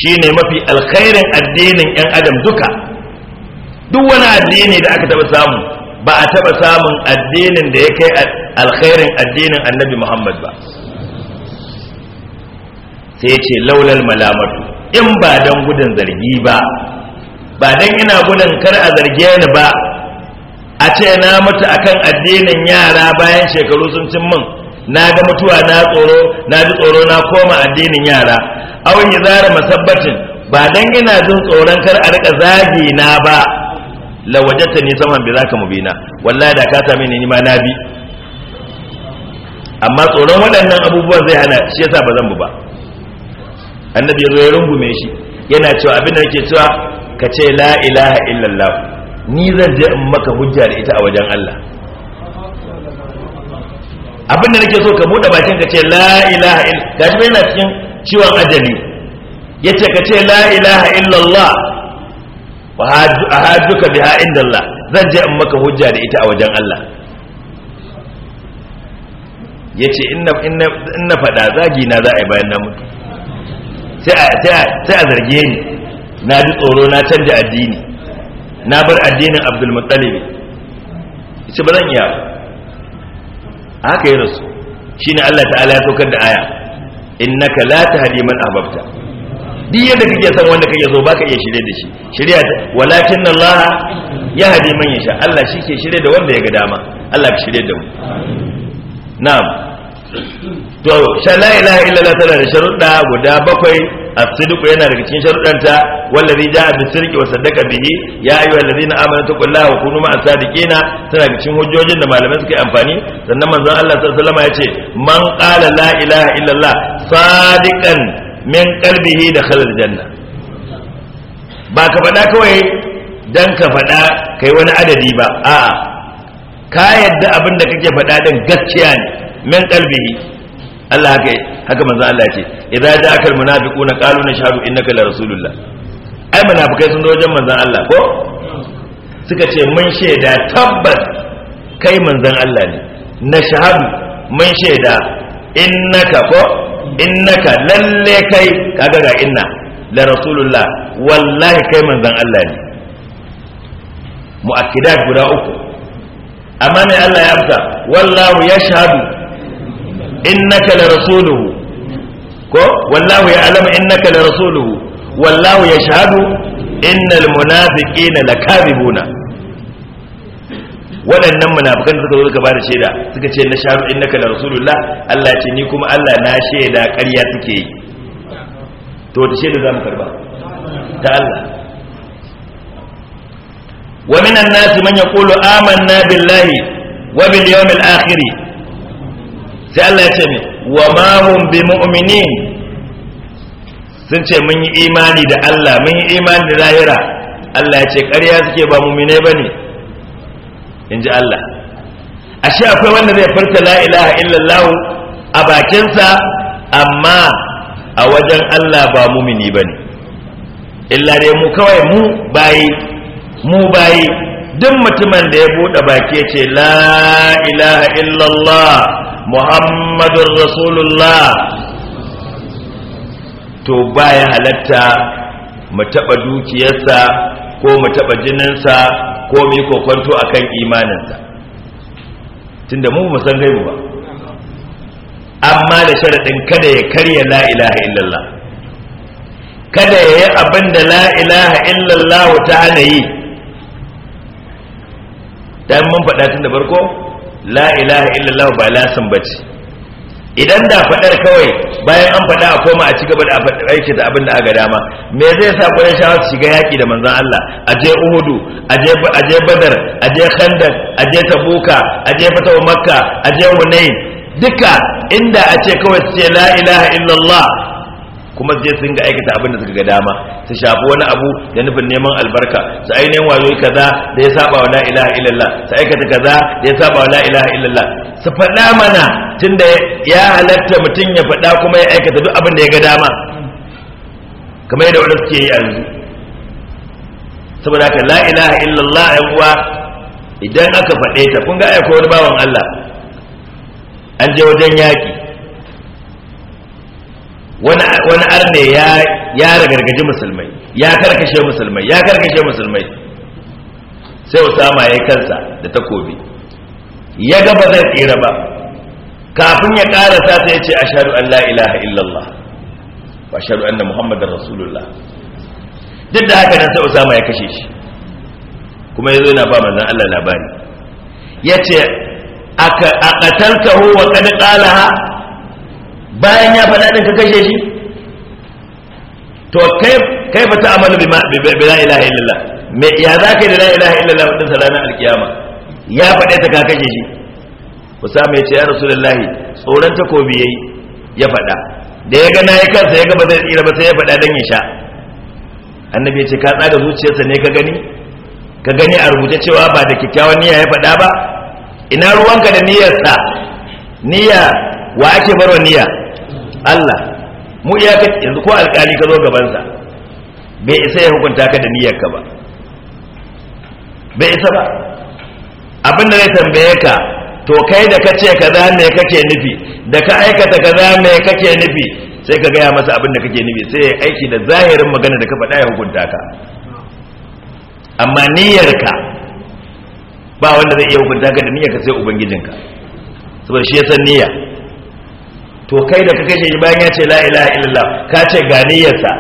shine mafi alkhairin addinin yan adam duka duk wani addini da aka taba samu ba a taɓa samun addinin da ya kai alkhairin addinin annabi muhammad ba sai ce laulal malamatu in ba don gudun zargi ba ba don ina gudun kar a zarge ni ba a ce na mutu akan addinin yara bayan shekaru sun cin min na ga mutuwa na tsoro na ji tsoro na koma addinin yara awon yi zara masabbacin ba don ina jin tsoron kar a rika zagi na ba lawajata ni zaman bi zaka mubina wallahi da ka same ni ma na bi amma tsoron waɗannan abubuwan zai hana shi yasa ba zan bu ba annabi ya zo ya rungume shi yana cewa abin da yake cewa ka ce la ilaha illallah ni zan je in maka hujja da ita a wajen Allah abin da nake so ka buɗe bakin ka ce la ilaha illallah gashi yana cikin ciwon ajali yace ka ce la ilaha illallah a hajjuka biha inda Allah zan je in maka hujja da ita a wajen Allah ya ce in na faɗa zagi na za a yi bayan na mutu sai a zarge ni na ji tsoro na canja addini na bar addinin abdulmuttalibi ya ce ba zan iya a haka yi rasu shi ne Allah ta'ala ya saukar da aya innaka la tahdi man ahbabta duk yadda kake san wanda kake so baka iya shirye da shi shirya walakin Allah ya hadi man yasha Allah shi ke shirye da wanda ya ga dama Allah ka shirye da mu na'am to sha la ilaha illallah tana da sharuɗa guda bakwai as-sidq yana daga cikin sharuɗanta wallazi jaa bis-sidq wa saddaqa bihi ya ayyuhallazina amanu taqullaha wa kunu ma'as sadiqina tana daga cikin hujjojin da malamai suke amfani sannan manzon Allah sallallahu alaihi wasallam ya ce man qala la ilaha illallah sadiqan min qalbihi da khalal janna ba ka faɗa kawai dan ka faɗa kai wani adadi ba a'a ka yadda abin da kake faɗa din gaskiya ne min qalbihi Allah haka haka manzo Allah ce idza ja'akal munafiquna qalu nashhadu innaka la rasulullah ai munafikai sun zo wajen manzo Allah ko suka ce mun shaida tabbas kai manzon Allah ne na shahadu mun shaida innaka ko innaka lalle kai kaga ga inna da rasulullah wallahi kai manzon Allah ne mu'akkidat guda uku amma mai Allah ya amsa wallahu yashhadu innaka la rasuluhu ko wallahu ya'lamu innaka la rasuluhu wallahu yashhadu innal munafiqina lakadibuna waɗannan munafikan suka zo suka bada shaida suka ce na shahadu innaka la rasulullah Allah ya ce ni kuma Allah na shaida ƙarya suke yi to wata shaida zamu karba ta Allah wa minan nas man yaqulu amanna billahi wa bil yawmil akhir sai Allah ya ce ne wa ma hum bimu'minin sun ce mun yi imani da Allah mun yi imani da lahira Allah ya ce ƙarya suke ba mu'mine bane in ji Allah ashe akwai wanda zai farta la ilaha illallah a bakinsa amma a wajen Allah ba mumini bane illa dai mu kawai mu bayi mu bayi duk mutumin da ya buɗe baki ce la ilaha illallah muhammadur rasulullah to baya halatta mu taɓa dukiyarsa ko mu taɓa jininsa ko mu yi kokonto a kan imaninsa tunda mu mu san gaibu ba amma da sharaɗin kada ya karya la ilaha illallah kada ya yi abin da la ilaha illallah ta hana yi dan mun faɗa tun da farko la ilaha illallah ba lasin bace idan da faɗar kawai bayan an faɗa a koma a ci gaba da aiki da abin da aka dama me zai sa ƙwarai shawar su shiga yaƙi da manzan Allah a je Uhudu a je Badar a je Khandak a je Tabuka a je Fatawa Makka a je Hunain duka inda a ce kawai su ce la ilaha illallah kuma zai sun ga aikata abin da suka ga dama su shafi wani abu da nufin neman albarka su ainihin wayo kaza da ya saba wa la'ilaha illallah su aikata kaza da ya saba wa la'ilaha illallah su faɗa mana tun da ya halatta mutum ya faɗa kuma ya aikata duk abin da ya ga dama kamar yadda wani suke yi a yanzu saboda ka la'ilaha illallah ya uwa idan aka faɗe ta kun ga aiko wani bawan Allah an je wajen yaƙi wani arne ya ragargaji musulmai ya karkashe musulmai ya karkashe musulmai sai usama ya yi kansa da takobi ya gaba zai tsira ba kafin ya karasa sai ya ce ashhadu an la ilaha illallah wa ashhadu anna muhammadar rasulullah duk da haka nan sai usama ya kashe shi kuma yazo yana ba manzon Allah labari Ya ce a aqatalka huwa kad ƙalaha. bayan ya faɗa ɗin ka kashe shi to kai ba ta amalu bi la ilaha illallah me ya za ka yi da la ilaha illallah din sa ranar alkiyama ya faɗa ta ka kashe shi sa ya ce ya rasulullahi tsoron takobi ya yi, ya faɗa da ya ga na yi kansa ya ga ba zai tsira ba sai ya faɗa dan ya sha annabi ya ce ka tsada zuciyarsa ne ka gani ka gani a rubuce cewa ba da kyakkyawan niyya ya faɗa ba ina ruwanka da niyyarsa niyya wa ake barwa niyya Allah mu iya ka yanzu ko alƙali ka zo gabansa bai isa ya hukunta ka da ka ba bai isa ba abin da zai tambaye ka to kai da ka ce kaza me kake nufi da ka aikata kaza me kake nufi sai ka gaya masa abin da kake nufi sai ya aiki da zahirin magana da ka faɗa ya hukunta ka amma ka ba wanda zai iya hukunta ka da ka sai ubangijinka saboda shi ya san niyya to kai da ka kashe shi bayan ya ce la ilaha illallah ka ce ganiyarsa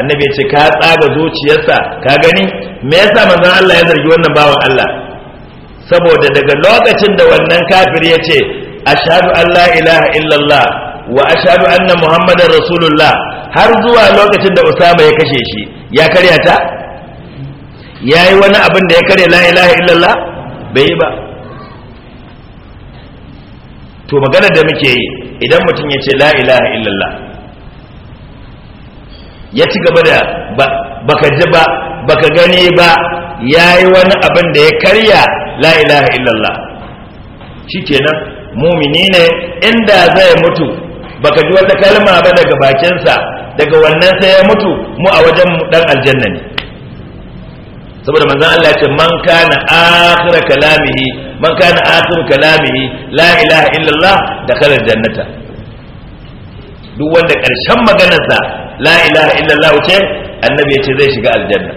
annabi ya ce ka tsaga zuciyarsa ka gani me yasa manzon Allah ya zargi wannan bawan Allah saboda daga lokacin da wannan kafir ya ce ashhadu an la ilaha illallah wa ashhadu anna muhammadar rasulullah har zuwa lokacin da usama ya kashe shi ya karya ta yayi wani abin da ya karya la ilaha illallah bai yi ba to magana da muke yi idan mutum ya ce la illallah ya ci gaba da ka ji ba ka gani ba ya yi wani abin da ya karya la ilaha illallah kenan mumini ne inda zai mutu ba ka ji wata kalma ba daga bakinsa daga wannan sai ya mutu mu a wajen dan aljanna ne saboda manzan Allah ce man kana akhira kalamihi man kana akhir kalamihi la ilaha illallah dakhala jannata duk wanda karshen maganarsa la ilaha illallah ce annabi yace zai shiga aljanna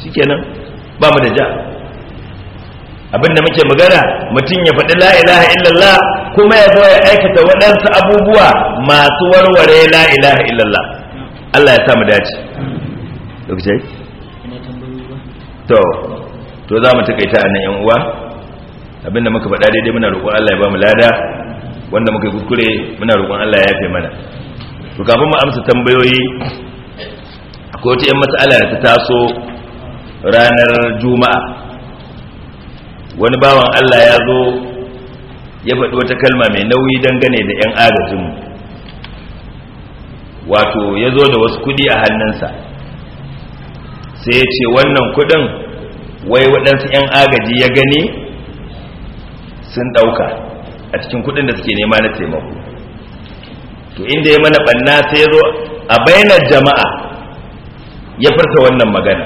shikenan ba mu da ja Abin da muke magana mutum ya faɗi la ilaha illallah kuma ya zo ya aikata waɗansu abubuwa masu warware la ilaha illallah Allah ya samu dace lokaci to to za mu takaita a nan yan uwa abinda muka faɗa daidai muna roƙon Allah ya ba mu lada wanda muka yi kuskure muna roƙon Allah ya yafe mana to kafin mu amsa tambayoyi akwai wata 'yan matsala da ta taso ranar juma'a wani bawan Allah ya zo ya faɗi wata kalma mai nauyi dangane da 'yan agajinmu wato ya zo da wasu kuɗi a hannunsa sai ya ce wannan kuɗin wai waɗansu 'yan agaji ya gani sun ɗauka a cikin kuɗin da suke nema na taimako to inda ya mana ɓanna sai zo a bainar jama'a ya farsa wannan magana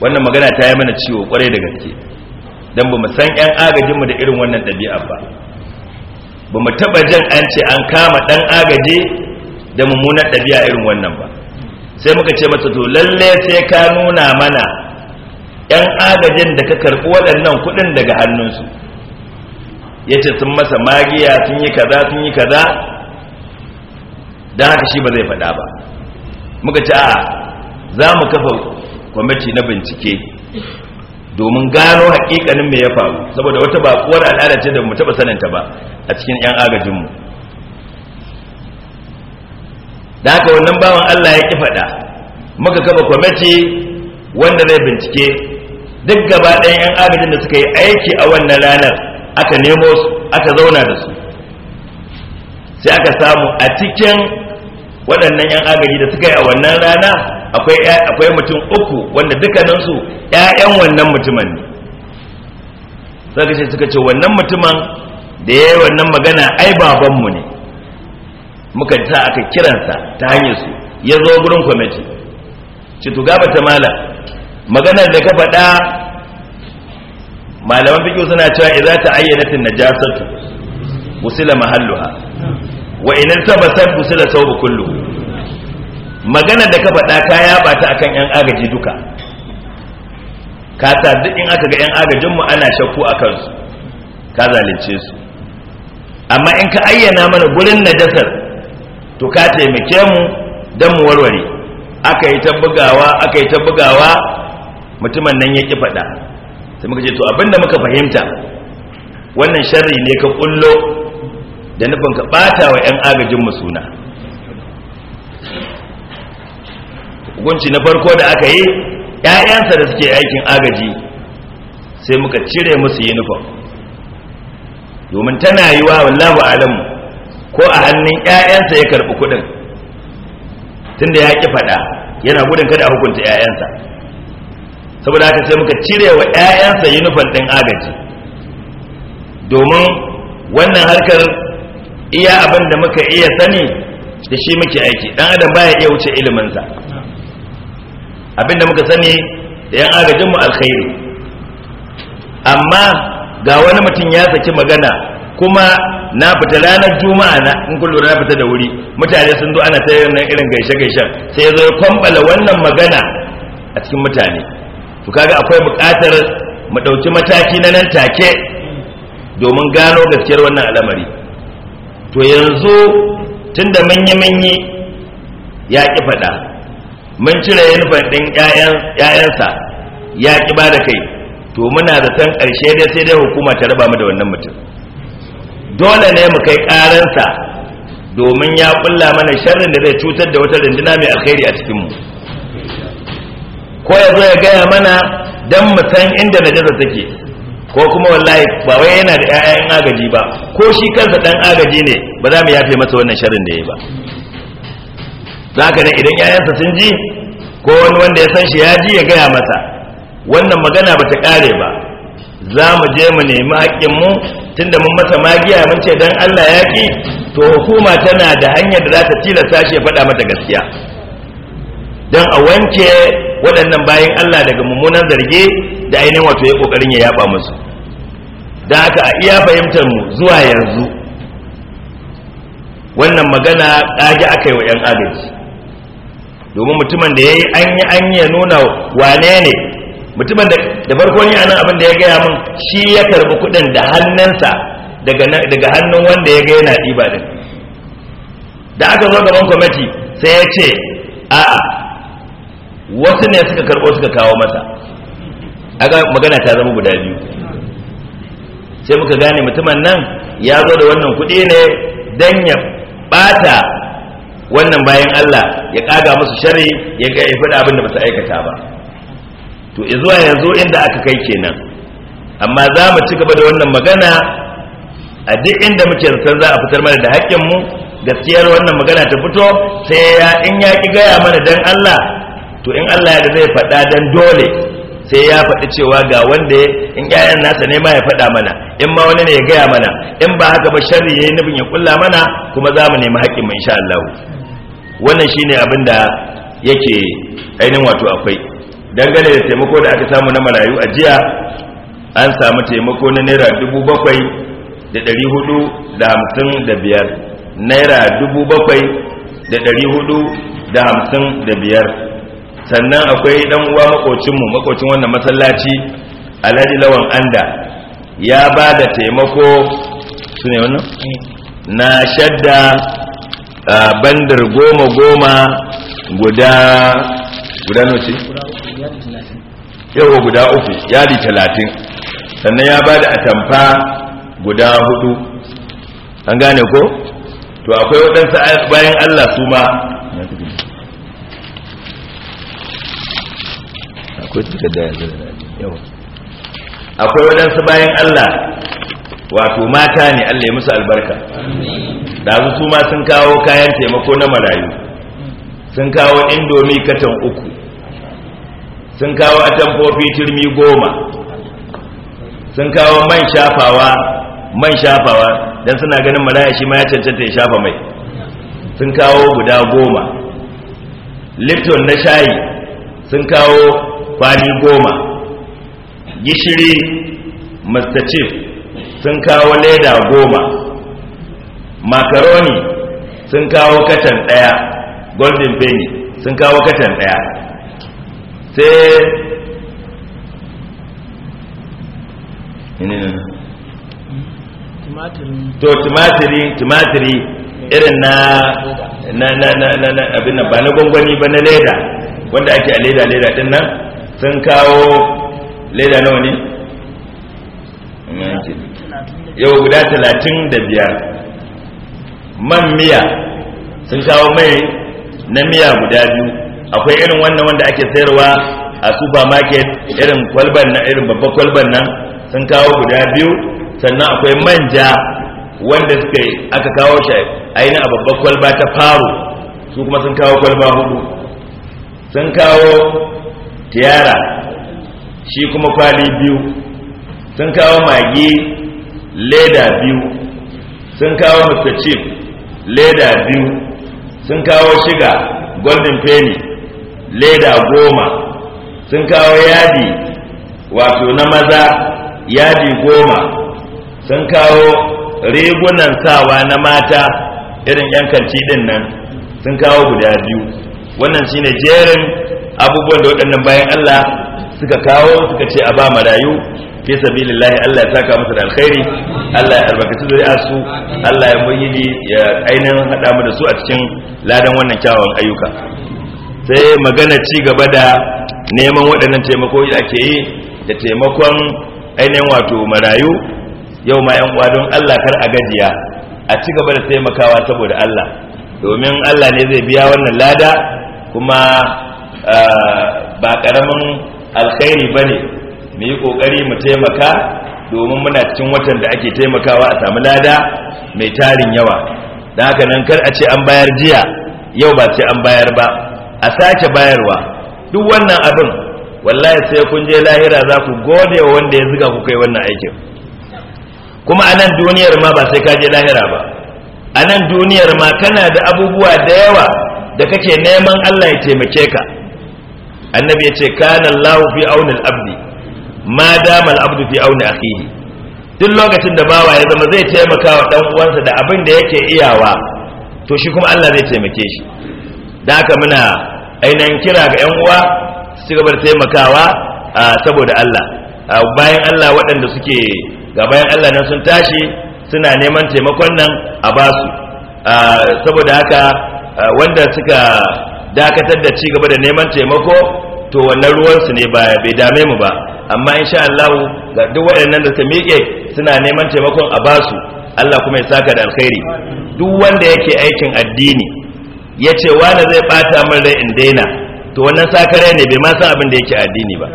wannan magana ta yi mana ciwo kwarai da gaske don ba mu san 'yan agajinmu da irin wannan ɗabi'a ba ba mu taɓa jan an ce an kama ɗan agaji da mummunan ɗabi'a irin wannan ba sai muka ce masa to lalle sai ka nuna mana 'yan agajin da ka karɓi waɗannan kuɗin daga hannunsu ya ce sun masa magiya sun yi kaza sun yi kaza don haka shi ba zai faɗa ba muka ce a za mu kafa kwamiti na bincike domin gano hakikanin me ya faru saboda wata bakuwar al'ada ce da mu taɓa sananta ba a cikin 'yan agajinmu da haka wannan bawan allah ya ƙi faɗa muka kafa kwamiti wanda zai bincike duk gaba ɗayan 'yan agajin da suka yi aiki a wannan ranar aka nemo su aka zauna da su sai aka samu a cikin waɗannan 'yan agaji da suka yi a wannan rana akwai mutum uku wanda dukkaninsu 'ya'yan wannan mutumin ne suka ce suka ce wannan mutumin da ya yi wannan magana ai babanmu ne muka ta aka kiransa ta hanyar su ya zo gurin kwamiti ci tuga ta mala maganar da ka faɗa malaman fiƙi suna cewa idza ta ayyanatin najasatu usila mahalluha wa idan tabasat usila sawbu kullu maganar da ka faɗa ka yaba ta akan yan agaji duka ka ta duk in aka ga yan agajin mu ana shakku akan su ka zalunce su amma in ka ayyana mana gurin najasar to ka taimake mu dan mu warware aka yi ta aka yi ta bugawa mutumin nan ya ƙi faɗa sai muka ce to abinda muka fahimta wannan sharri ne ka kullo da nufin ka ɓata wa 'yan agajinmu suna hukunci na farko da aka yi 'ya'yansa da suke aikin agaji sai muka cire musu nufin domin tana yi wa wallahu alamu ko a hannun 'ya'yansa ya karɓi kuɗin tun da ya ƙi faɗa yana gudun kada a hukunta 'ya'yansa saboda haka sai muka cire wa 'ya'yansa yunifon ɗin agaji domin wannan harkar iya abin da muka iya sani da shi muke aiki ɗan adam baya iya wuce iliminsa abin da muka sani da 'yan agajinmu alkhairi amma ga wani mutum ya saki magana kuma na fita ranar juma'a na in kun na fita da wuri mutane sun zo ana ta irin gaishe-gaishen sai ya zo kwambala wannan magana a cikin mutane to kaga akwai buƙatar mu ɗauki mataki na nan take domin gano gaskiyar wannan al'amari to yanzu tunda manyi-manyi ya ki faɗa mun cire fadin ɗin ‘ya'yansa ya ki ba da kai to muna da san ƙarshe dai sai dai hukuma ta raba mu da wannan mutum dole ne mu kai ƙaransa domin ya ƙulla mana sharrin da zai cutar da wata runduna mai alkhairi a cikin mu ko ya zo ya gaya mana dan mu san inda najasa take ko kuma wallahi ba wai yana da ƴaƴan agaji ba ko shi kansa dan agaji ne ba za mu yafe masa wannan sharrin da yayi ba zaka ne idan ƴaƴansa sun ji ko wani wanda ya san shi ya ji ya gaya masa wannan magana ba ta kare ba za mu je mu nemi mu tunda mun masa magiya mun ce dan Allah ya ki to hukuma tana da hanyar da za ta tilasta shi ya faɗa mata gaskiya dan a wanke waɗannan bayan Allah daga mummunan zarge da ainihin wato ya kokarin ya yaba musu da haka a iya fahimtar mu zuwa yanzu wannan magana ɗaji aka yi wa 'yan agaji domin mutumin da ya yi an yi nuna wane ne mutumin da farko a nan abin da ya gaya min shi ya karbi kuɗin da hannunsa daga hannun wanda ya gaya yana ɗiba din da aka zo gaban kwamiti sai ya ce a'a wasu ne suka karɓo suka kawo masa. aga magana ta zama guda biyu sai muka gane mutumin nan ya zo da wannan kuɗi ne don ya ɓata wannan bayan Allah ya ƙaga musu shari ya ga ya faɗa abin da ba aikata ba to zuwa yanzu inda aka kai kenan amma za mu ci gaba da wannan magana a duk inda muke zaton za a fitar mana da haƙƙinmu gaskiyar wannan magana ta fito sai ya in ya ƙi gaya mana dan Allah to in Allah ya zai faɗa dan dole sai ya faɗi cewa ga wanda in ƴaƴan nasa ne ma ya faɗa mana in ma wani ne ya gaya mana in ba haka ba sharri yi nufin ya kulla mana kuma za mu nemi haƙƙin mu insha Allah wannan shine abin da yake ainihin wato akwai dangane da taimako da aka samu na marayu a jiya an samu taimako na naira dubu bakwai da ɗari hudu da hamsin da biyar naira dubu bakwai da ɗari hudu da hamsin da biyar sannan akwai dan uwa makocinmu makocin wannan masallaci alhaji lawan anda ya ba da taimako su ne wannan eh. na shadda bandar goma goma guda guda noci yau guda uku yadi talatin sannan ya ba da atamfa guda hudu an gane ko to akwai waɗansu bayan allah su ma akwai waɗansu bayan Allah wato mata ne Allah ya musu albarka dazu su ma sun kawo kayan taimako na marayu sun kawo indomi katon uku sun kawo atamfofi turmi goma sun kawo man shafawa man shafawa don suna ganin maraya shi ma ya cancanta ya shafa mai sun kawo guda goma lipton na shayi sun kawo kwali goma gishiri mastacif sun kawo leda goma makaroni sun kawo katan ɗaya golden penny sun kawo katan ɗaya sai to tumatiri tumatiri irin na na na na abin nan ba na gwangwani ba na leda wanda ake a leda leda din nan sun kawo leda nawa ne yau guda talatin da biyar man miya sun kawo mai na miya guda biyu akwai irin wannan wanda ake sayarwa a supermarket irin kwalban na irin babban kwalban nan sun kawo guda biyu sannan akwai manja wanda suka aka kawo shi ainihin a babban kwalba ta faro su kuma sun kawo kwalba hudu sun kawo tiyara shi kuma kwali biyu sun kawo magi leda biyu sun kawo mr chip leda biyu sun kawo shiga golden penny leda goma sun kawo yadi wato na maza yadi goma sun kawo rigunan sawa na mata irin yankanci din nan sun kawo guda biyu wannan shine jerin abubuwan da waɗannan bayan Allah suka kawo suka ce a ba marayu fi sabilillahi Allah ya saka musu da alkhairi Allah ya albarkaci zuri'ar su Allah ya bayyana ya ainihin hada mu da su a cikin ladan wannan kyawawan ayyuka sai magana ci gaba da neman waɗannan taimako da ake yi da taimakon ainihin wato marayu yau ma yan uwa don Allah kar a gajiya a ci gaba da taimakawa saboda Allah domin Allah ne zai biya wannan lada kuma ba karamin alkhairi ba ne mu yi kokari mu taimaka domin muna cikin watan da ake taimakawa a samu lada mai tarin yawa don haka nan kar a ce an bayar jiya yau ba ce an bayar ba a sake bayarwa duk wannan abin wallahi sai kun je lahira za ku gode wa wanda ya zuga ku kai wannan aikin kuma a nan duniyar ma ba sai ka je lahira ba a nan duniyar ma kana da abubuwa da yawa da kake neman Allah ya taimake ka annabi ya ce kana Allah fi aunil abdi ma dama al-abdu fi auni akhihi duk lokacin da bawa ya zama zai taimaka wa dan uwansa da abin da yake iyawa to shi kuma Allah zai taimake shi da haka muna ainihin kira ga yan uwa su gaba da taimakawa saboda Allah bayan Allah waɗanda suke ga bayan Allah nan sun tashi suna neman taimakon nan a basu saboda haka wanda suka dakatar da ci gaba da neman taimako to wannan ruwansu ne baya bai dame mu ba amma insha Allah ga duk waɗannan da suka miƙe suna neman taimakon a basu Allah kuma ya saka da alkhairi duk wanda yake aikin addini ya ce wani zai bata min rai in daina to wannan rai ne bai ma san abin da yake addini ba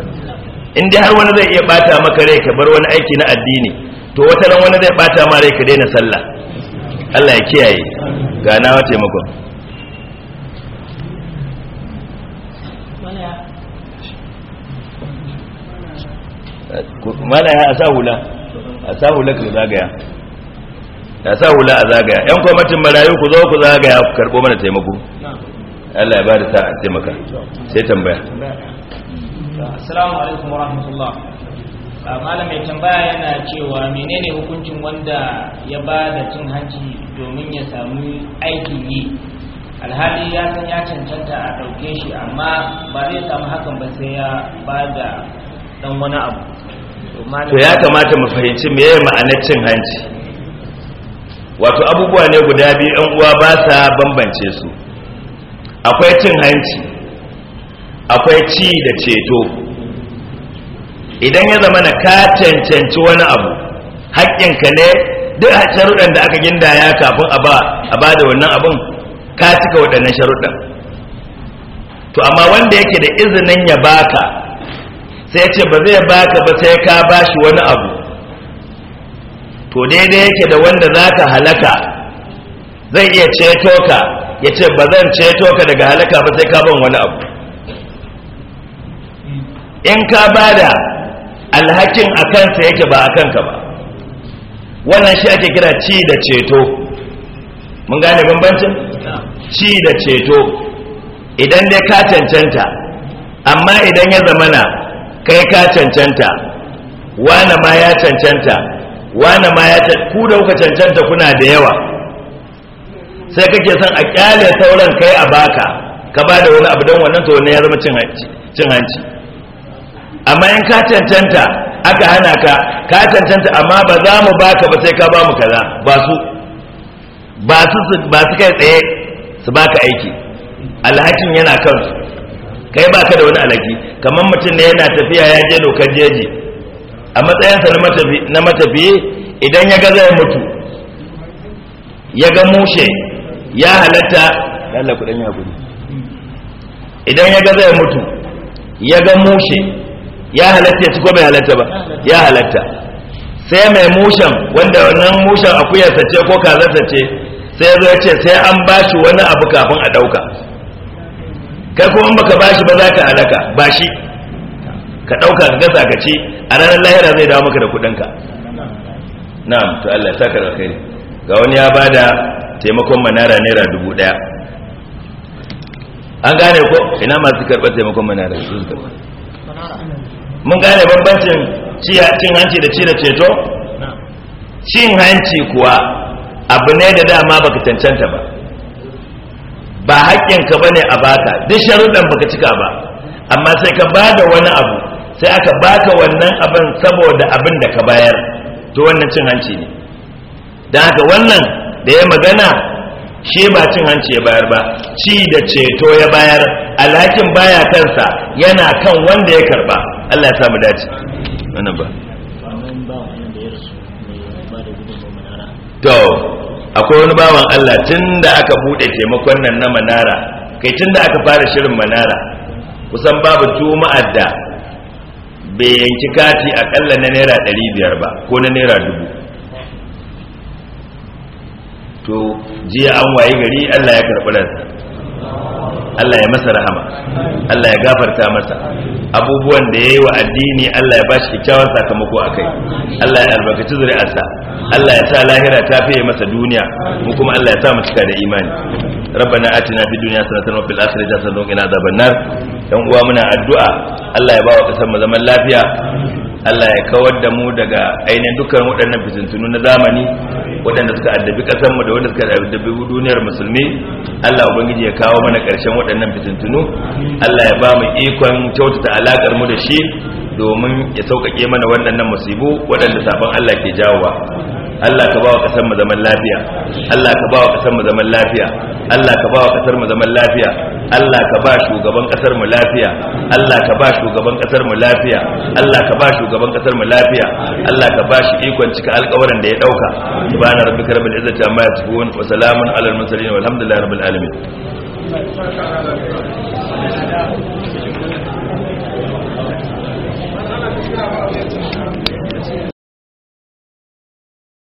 in dai har wani zai iya bata maka rai ka bar wani aiki na addini to wata wani zai bata ma rai ka daina sallah Allah ya kiyaye ga na taimakon mana ya sa hula a sa hula ka zagaya a sa hula a zagaya yan kwamitin marayu ku zo ku zagaya ku karɓo mana taimako Allah ya bada da sa'a taimaka sai tambaya assalamu alaikum wa rahmatullah malam tambaya yana cewa menene hukuncin wanda ya ba da cin hanci domin ya samu aikin yi alhali ya san ya cancanta a ɗauke shi amma ba zai samu hakan ba sai ya ba da ɗan wani abu to ya kamata mu fahimci meye ma'anar cin hanci wato abubuwa ne guda biyu yan uwa ba sa bambance su akwai cin hanci akwai ci da ceto idan ya zama na ka cancanci wani abu haƙƙinka ne duk a sharuɗan da aka gindaya kafin a ba da wannan abun ka cika waɗannan sharuɗan to amma wanda yake da izinin ya baka sai ce ba zai baka ba sai ka bashi wani abu to daidai yake da wanda za ka halaka zai iya ceto ka ya ce ba zan ceto ka daga halaka ba sai ka ban wani abu in ka bada alhakin a kansa yake ba a kanka ba wannan shi ake kira ci da ceto mun gane bambancin ci da ceto idan dai ka cancanta amma idan ya zamana kai ka cancanta wane ma ya cancanta wane ma ya cancanta. ku da kuka cancanta kuna da yawa sai kake son a kyale sauran kai a baka ka ba da wani abu don wannan to ne ya zama cin hanci amma in ka cancanta aka hana ka ka cancanta amma ba za mu baka ba sai ka ba mu kaza ba su ba su kai tsaye su baka aiki alhakin yana kansu kai ba ka da wani alaki kamar mutum ne yana tafiya ya je dokar jeji a matsayinsa na matafiye idan ya ga zai mutu ya ga mushe ya halatta lalla kudin ya idan ya ga zai mutu ya ga mushe ya halatta ya ci ko bai halatta ba ya halatta sai mai mushen wanda wannan mushen akuyarsa ce ko kazarsa ce sai ya zo ya ce sai an ba shi wani abu kafin a ɗauka kai kuma in baka bashi ba za ka halaka bashi ka ɗauka ka gasa ka ci a ranar lahira zai dawo maka da kuɗinka na'am to Allah saka da kai ga wani ya bada taimakon manara naira dubu ɗaya an gane ko ina masu karɓar taimakon manara su mun gane bambancin cin hanci da cire ceto cin hanci kuwa abu ne da dama baka cancanta ba ba haƙƙinka ba ne a baka duk sharuɗan baka cika ba amma sai ka ba da wani abu sai aka baka wannan abin saboda abin da ka bayar to wannan cin hanci ne don haka wannan da ya magana shi ba cin hanci ya bayar ba ci da ceto ya bayar alhakin baya kansa yana kan wanda ya karba Allah ya samu dace wannan ba to akwai wani bawan Allah tun da aka buɗe taimakon nan na manara kai tun da aka fara shirin manara kusan babu juma'ar da bai yanki kati akalla na naira ɗari biyar ba ko na naira dubu to jiya an wayi gari Allah ya karɓi ransa Allah ya masa rahama Allah ya gafarta masa abubuwan da ya yi wa addini Allah ya bashi kyakkyawar sakamako a kai Allah ya albarkaci zuri'arsa Allah ya sa lahira ta fiye masa duniya mu kuma Allah ya sa mu cika da imani rabbana atina fid dunya hasanatan wa fil akhirati hasanatan wa qina adhaban nar dan uwa muna addu'a Allah ya ba wa kasar mu zaman lafiya Allah ya kawar da mu daga ainihin dukkan waɗannan fitintunu na zamani waɗanda suka addabi mu da waɗanda suka addabi duniyar musulmi Allah ubangiji ya kawo mana ƙarshen waɗannan fitintunu Allah ya ba mu ikon kyautata alaƙar mu da shi domin ya sauƙaƙe mana waɗannan musibu waɗanda sabon Allah ke jawowa Allah ka bawa kasar mu zaman lafiya Allah ka bawa kasar mu zaman lafiya Allah ka bawa kasar mu zaman lafiya Allah ka ba shugaban kasar mu lafiya Allah ka ba shugaban kasar mu lafiya Allah ka ba shugaban kasar mu lafiya Allah ka ba shi ikon cika alƙawarin da ya dauka subhana rabbika rabbil izzati amma yasifun wa salamun alal mursalin walhamdulillahi rabbil alamin Thank you.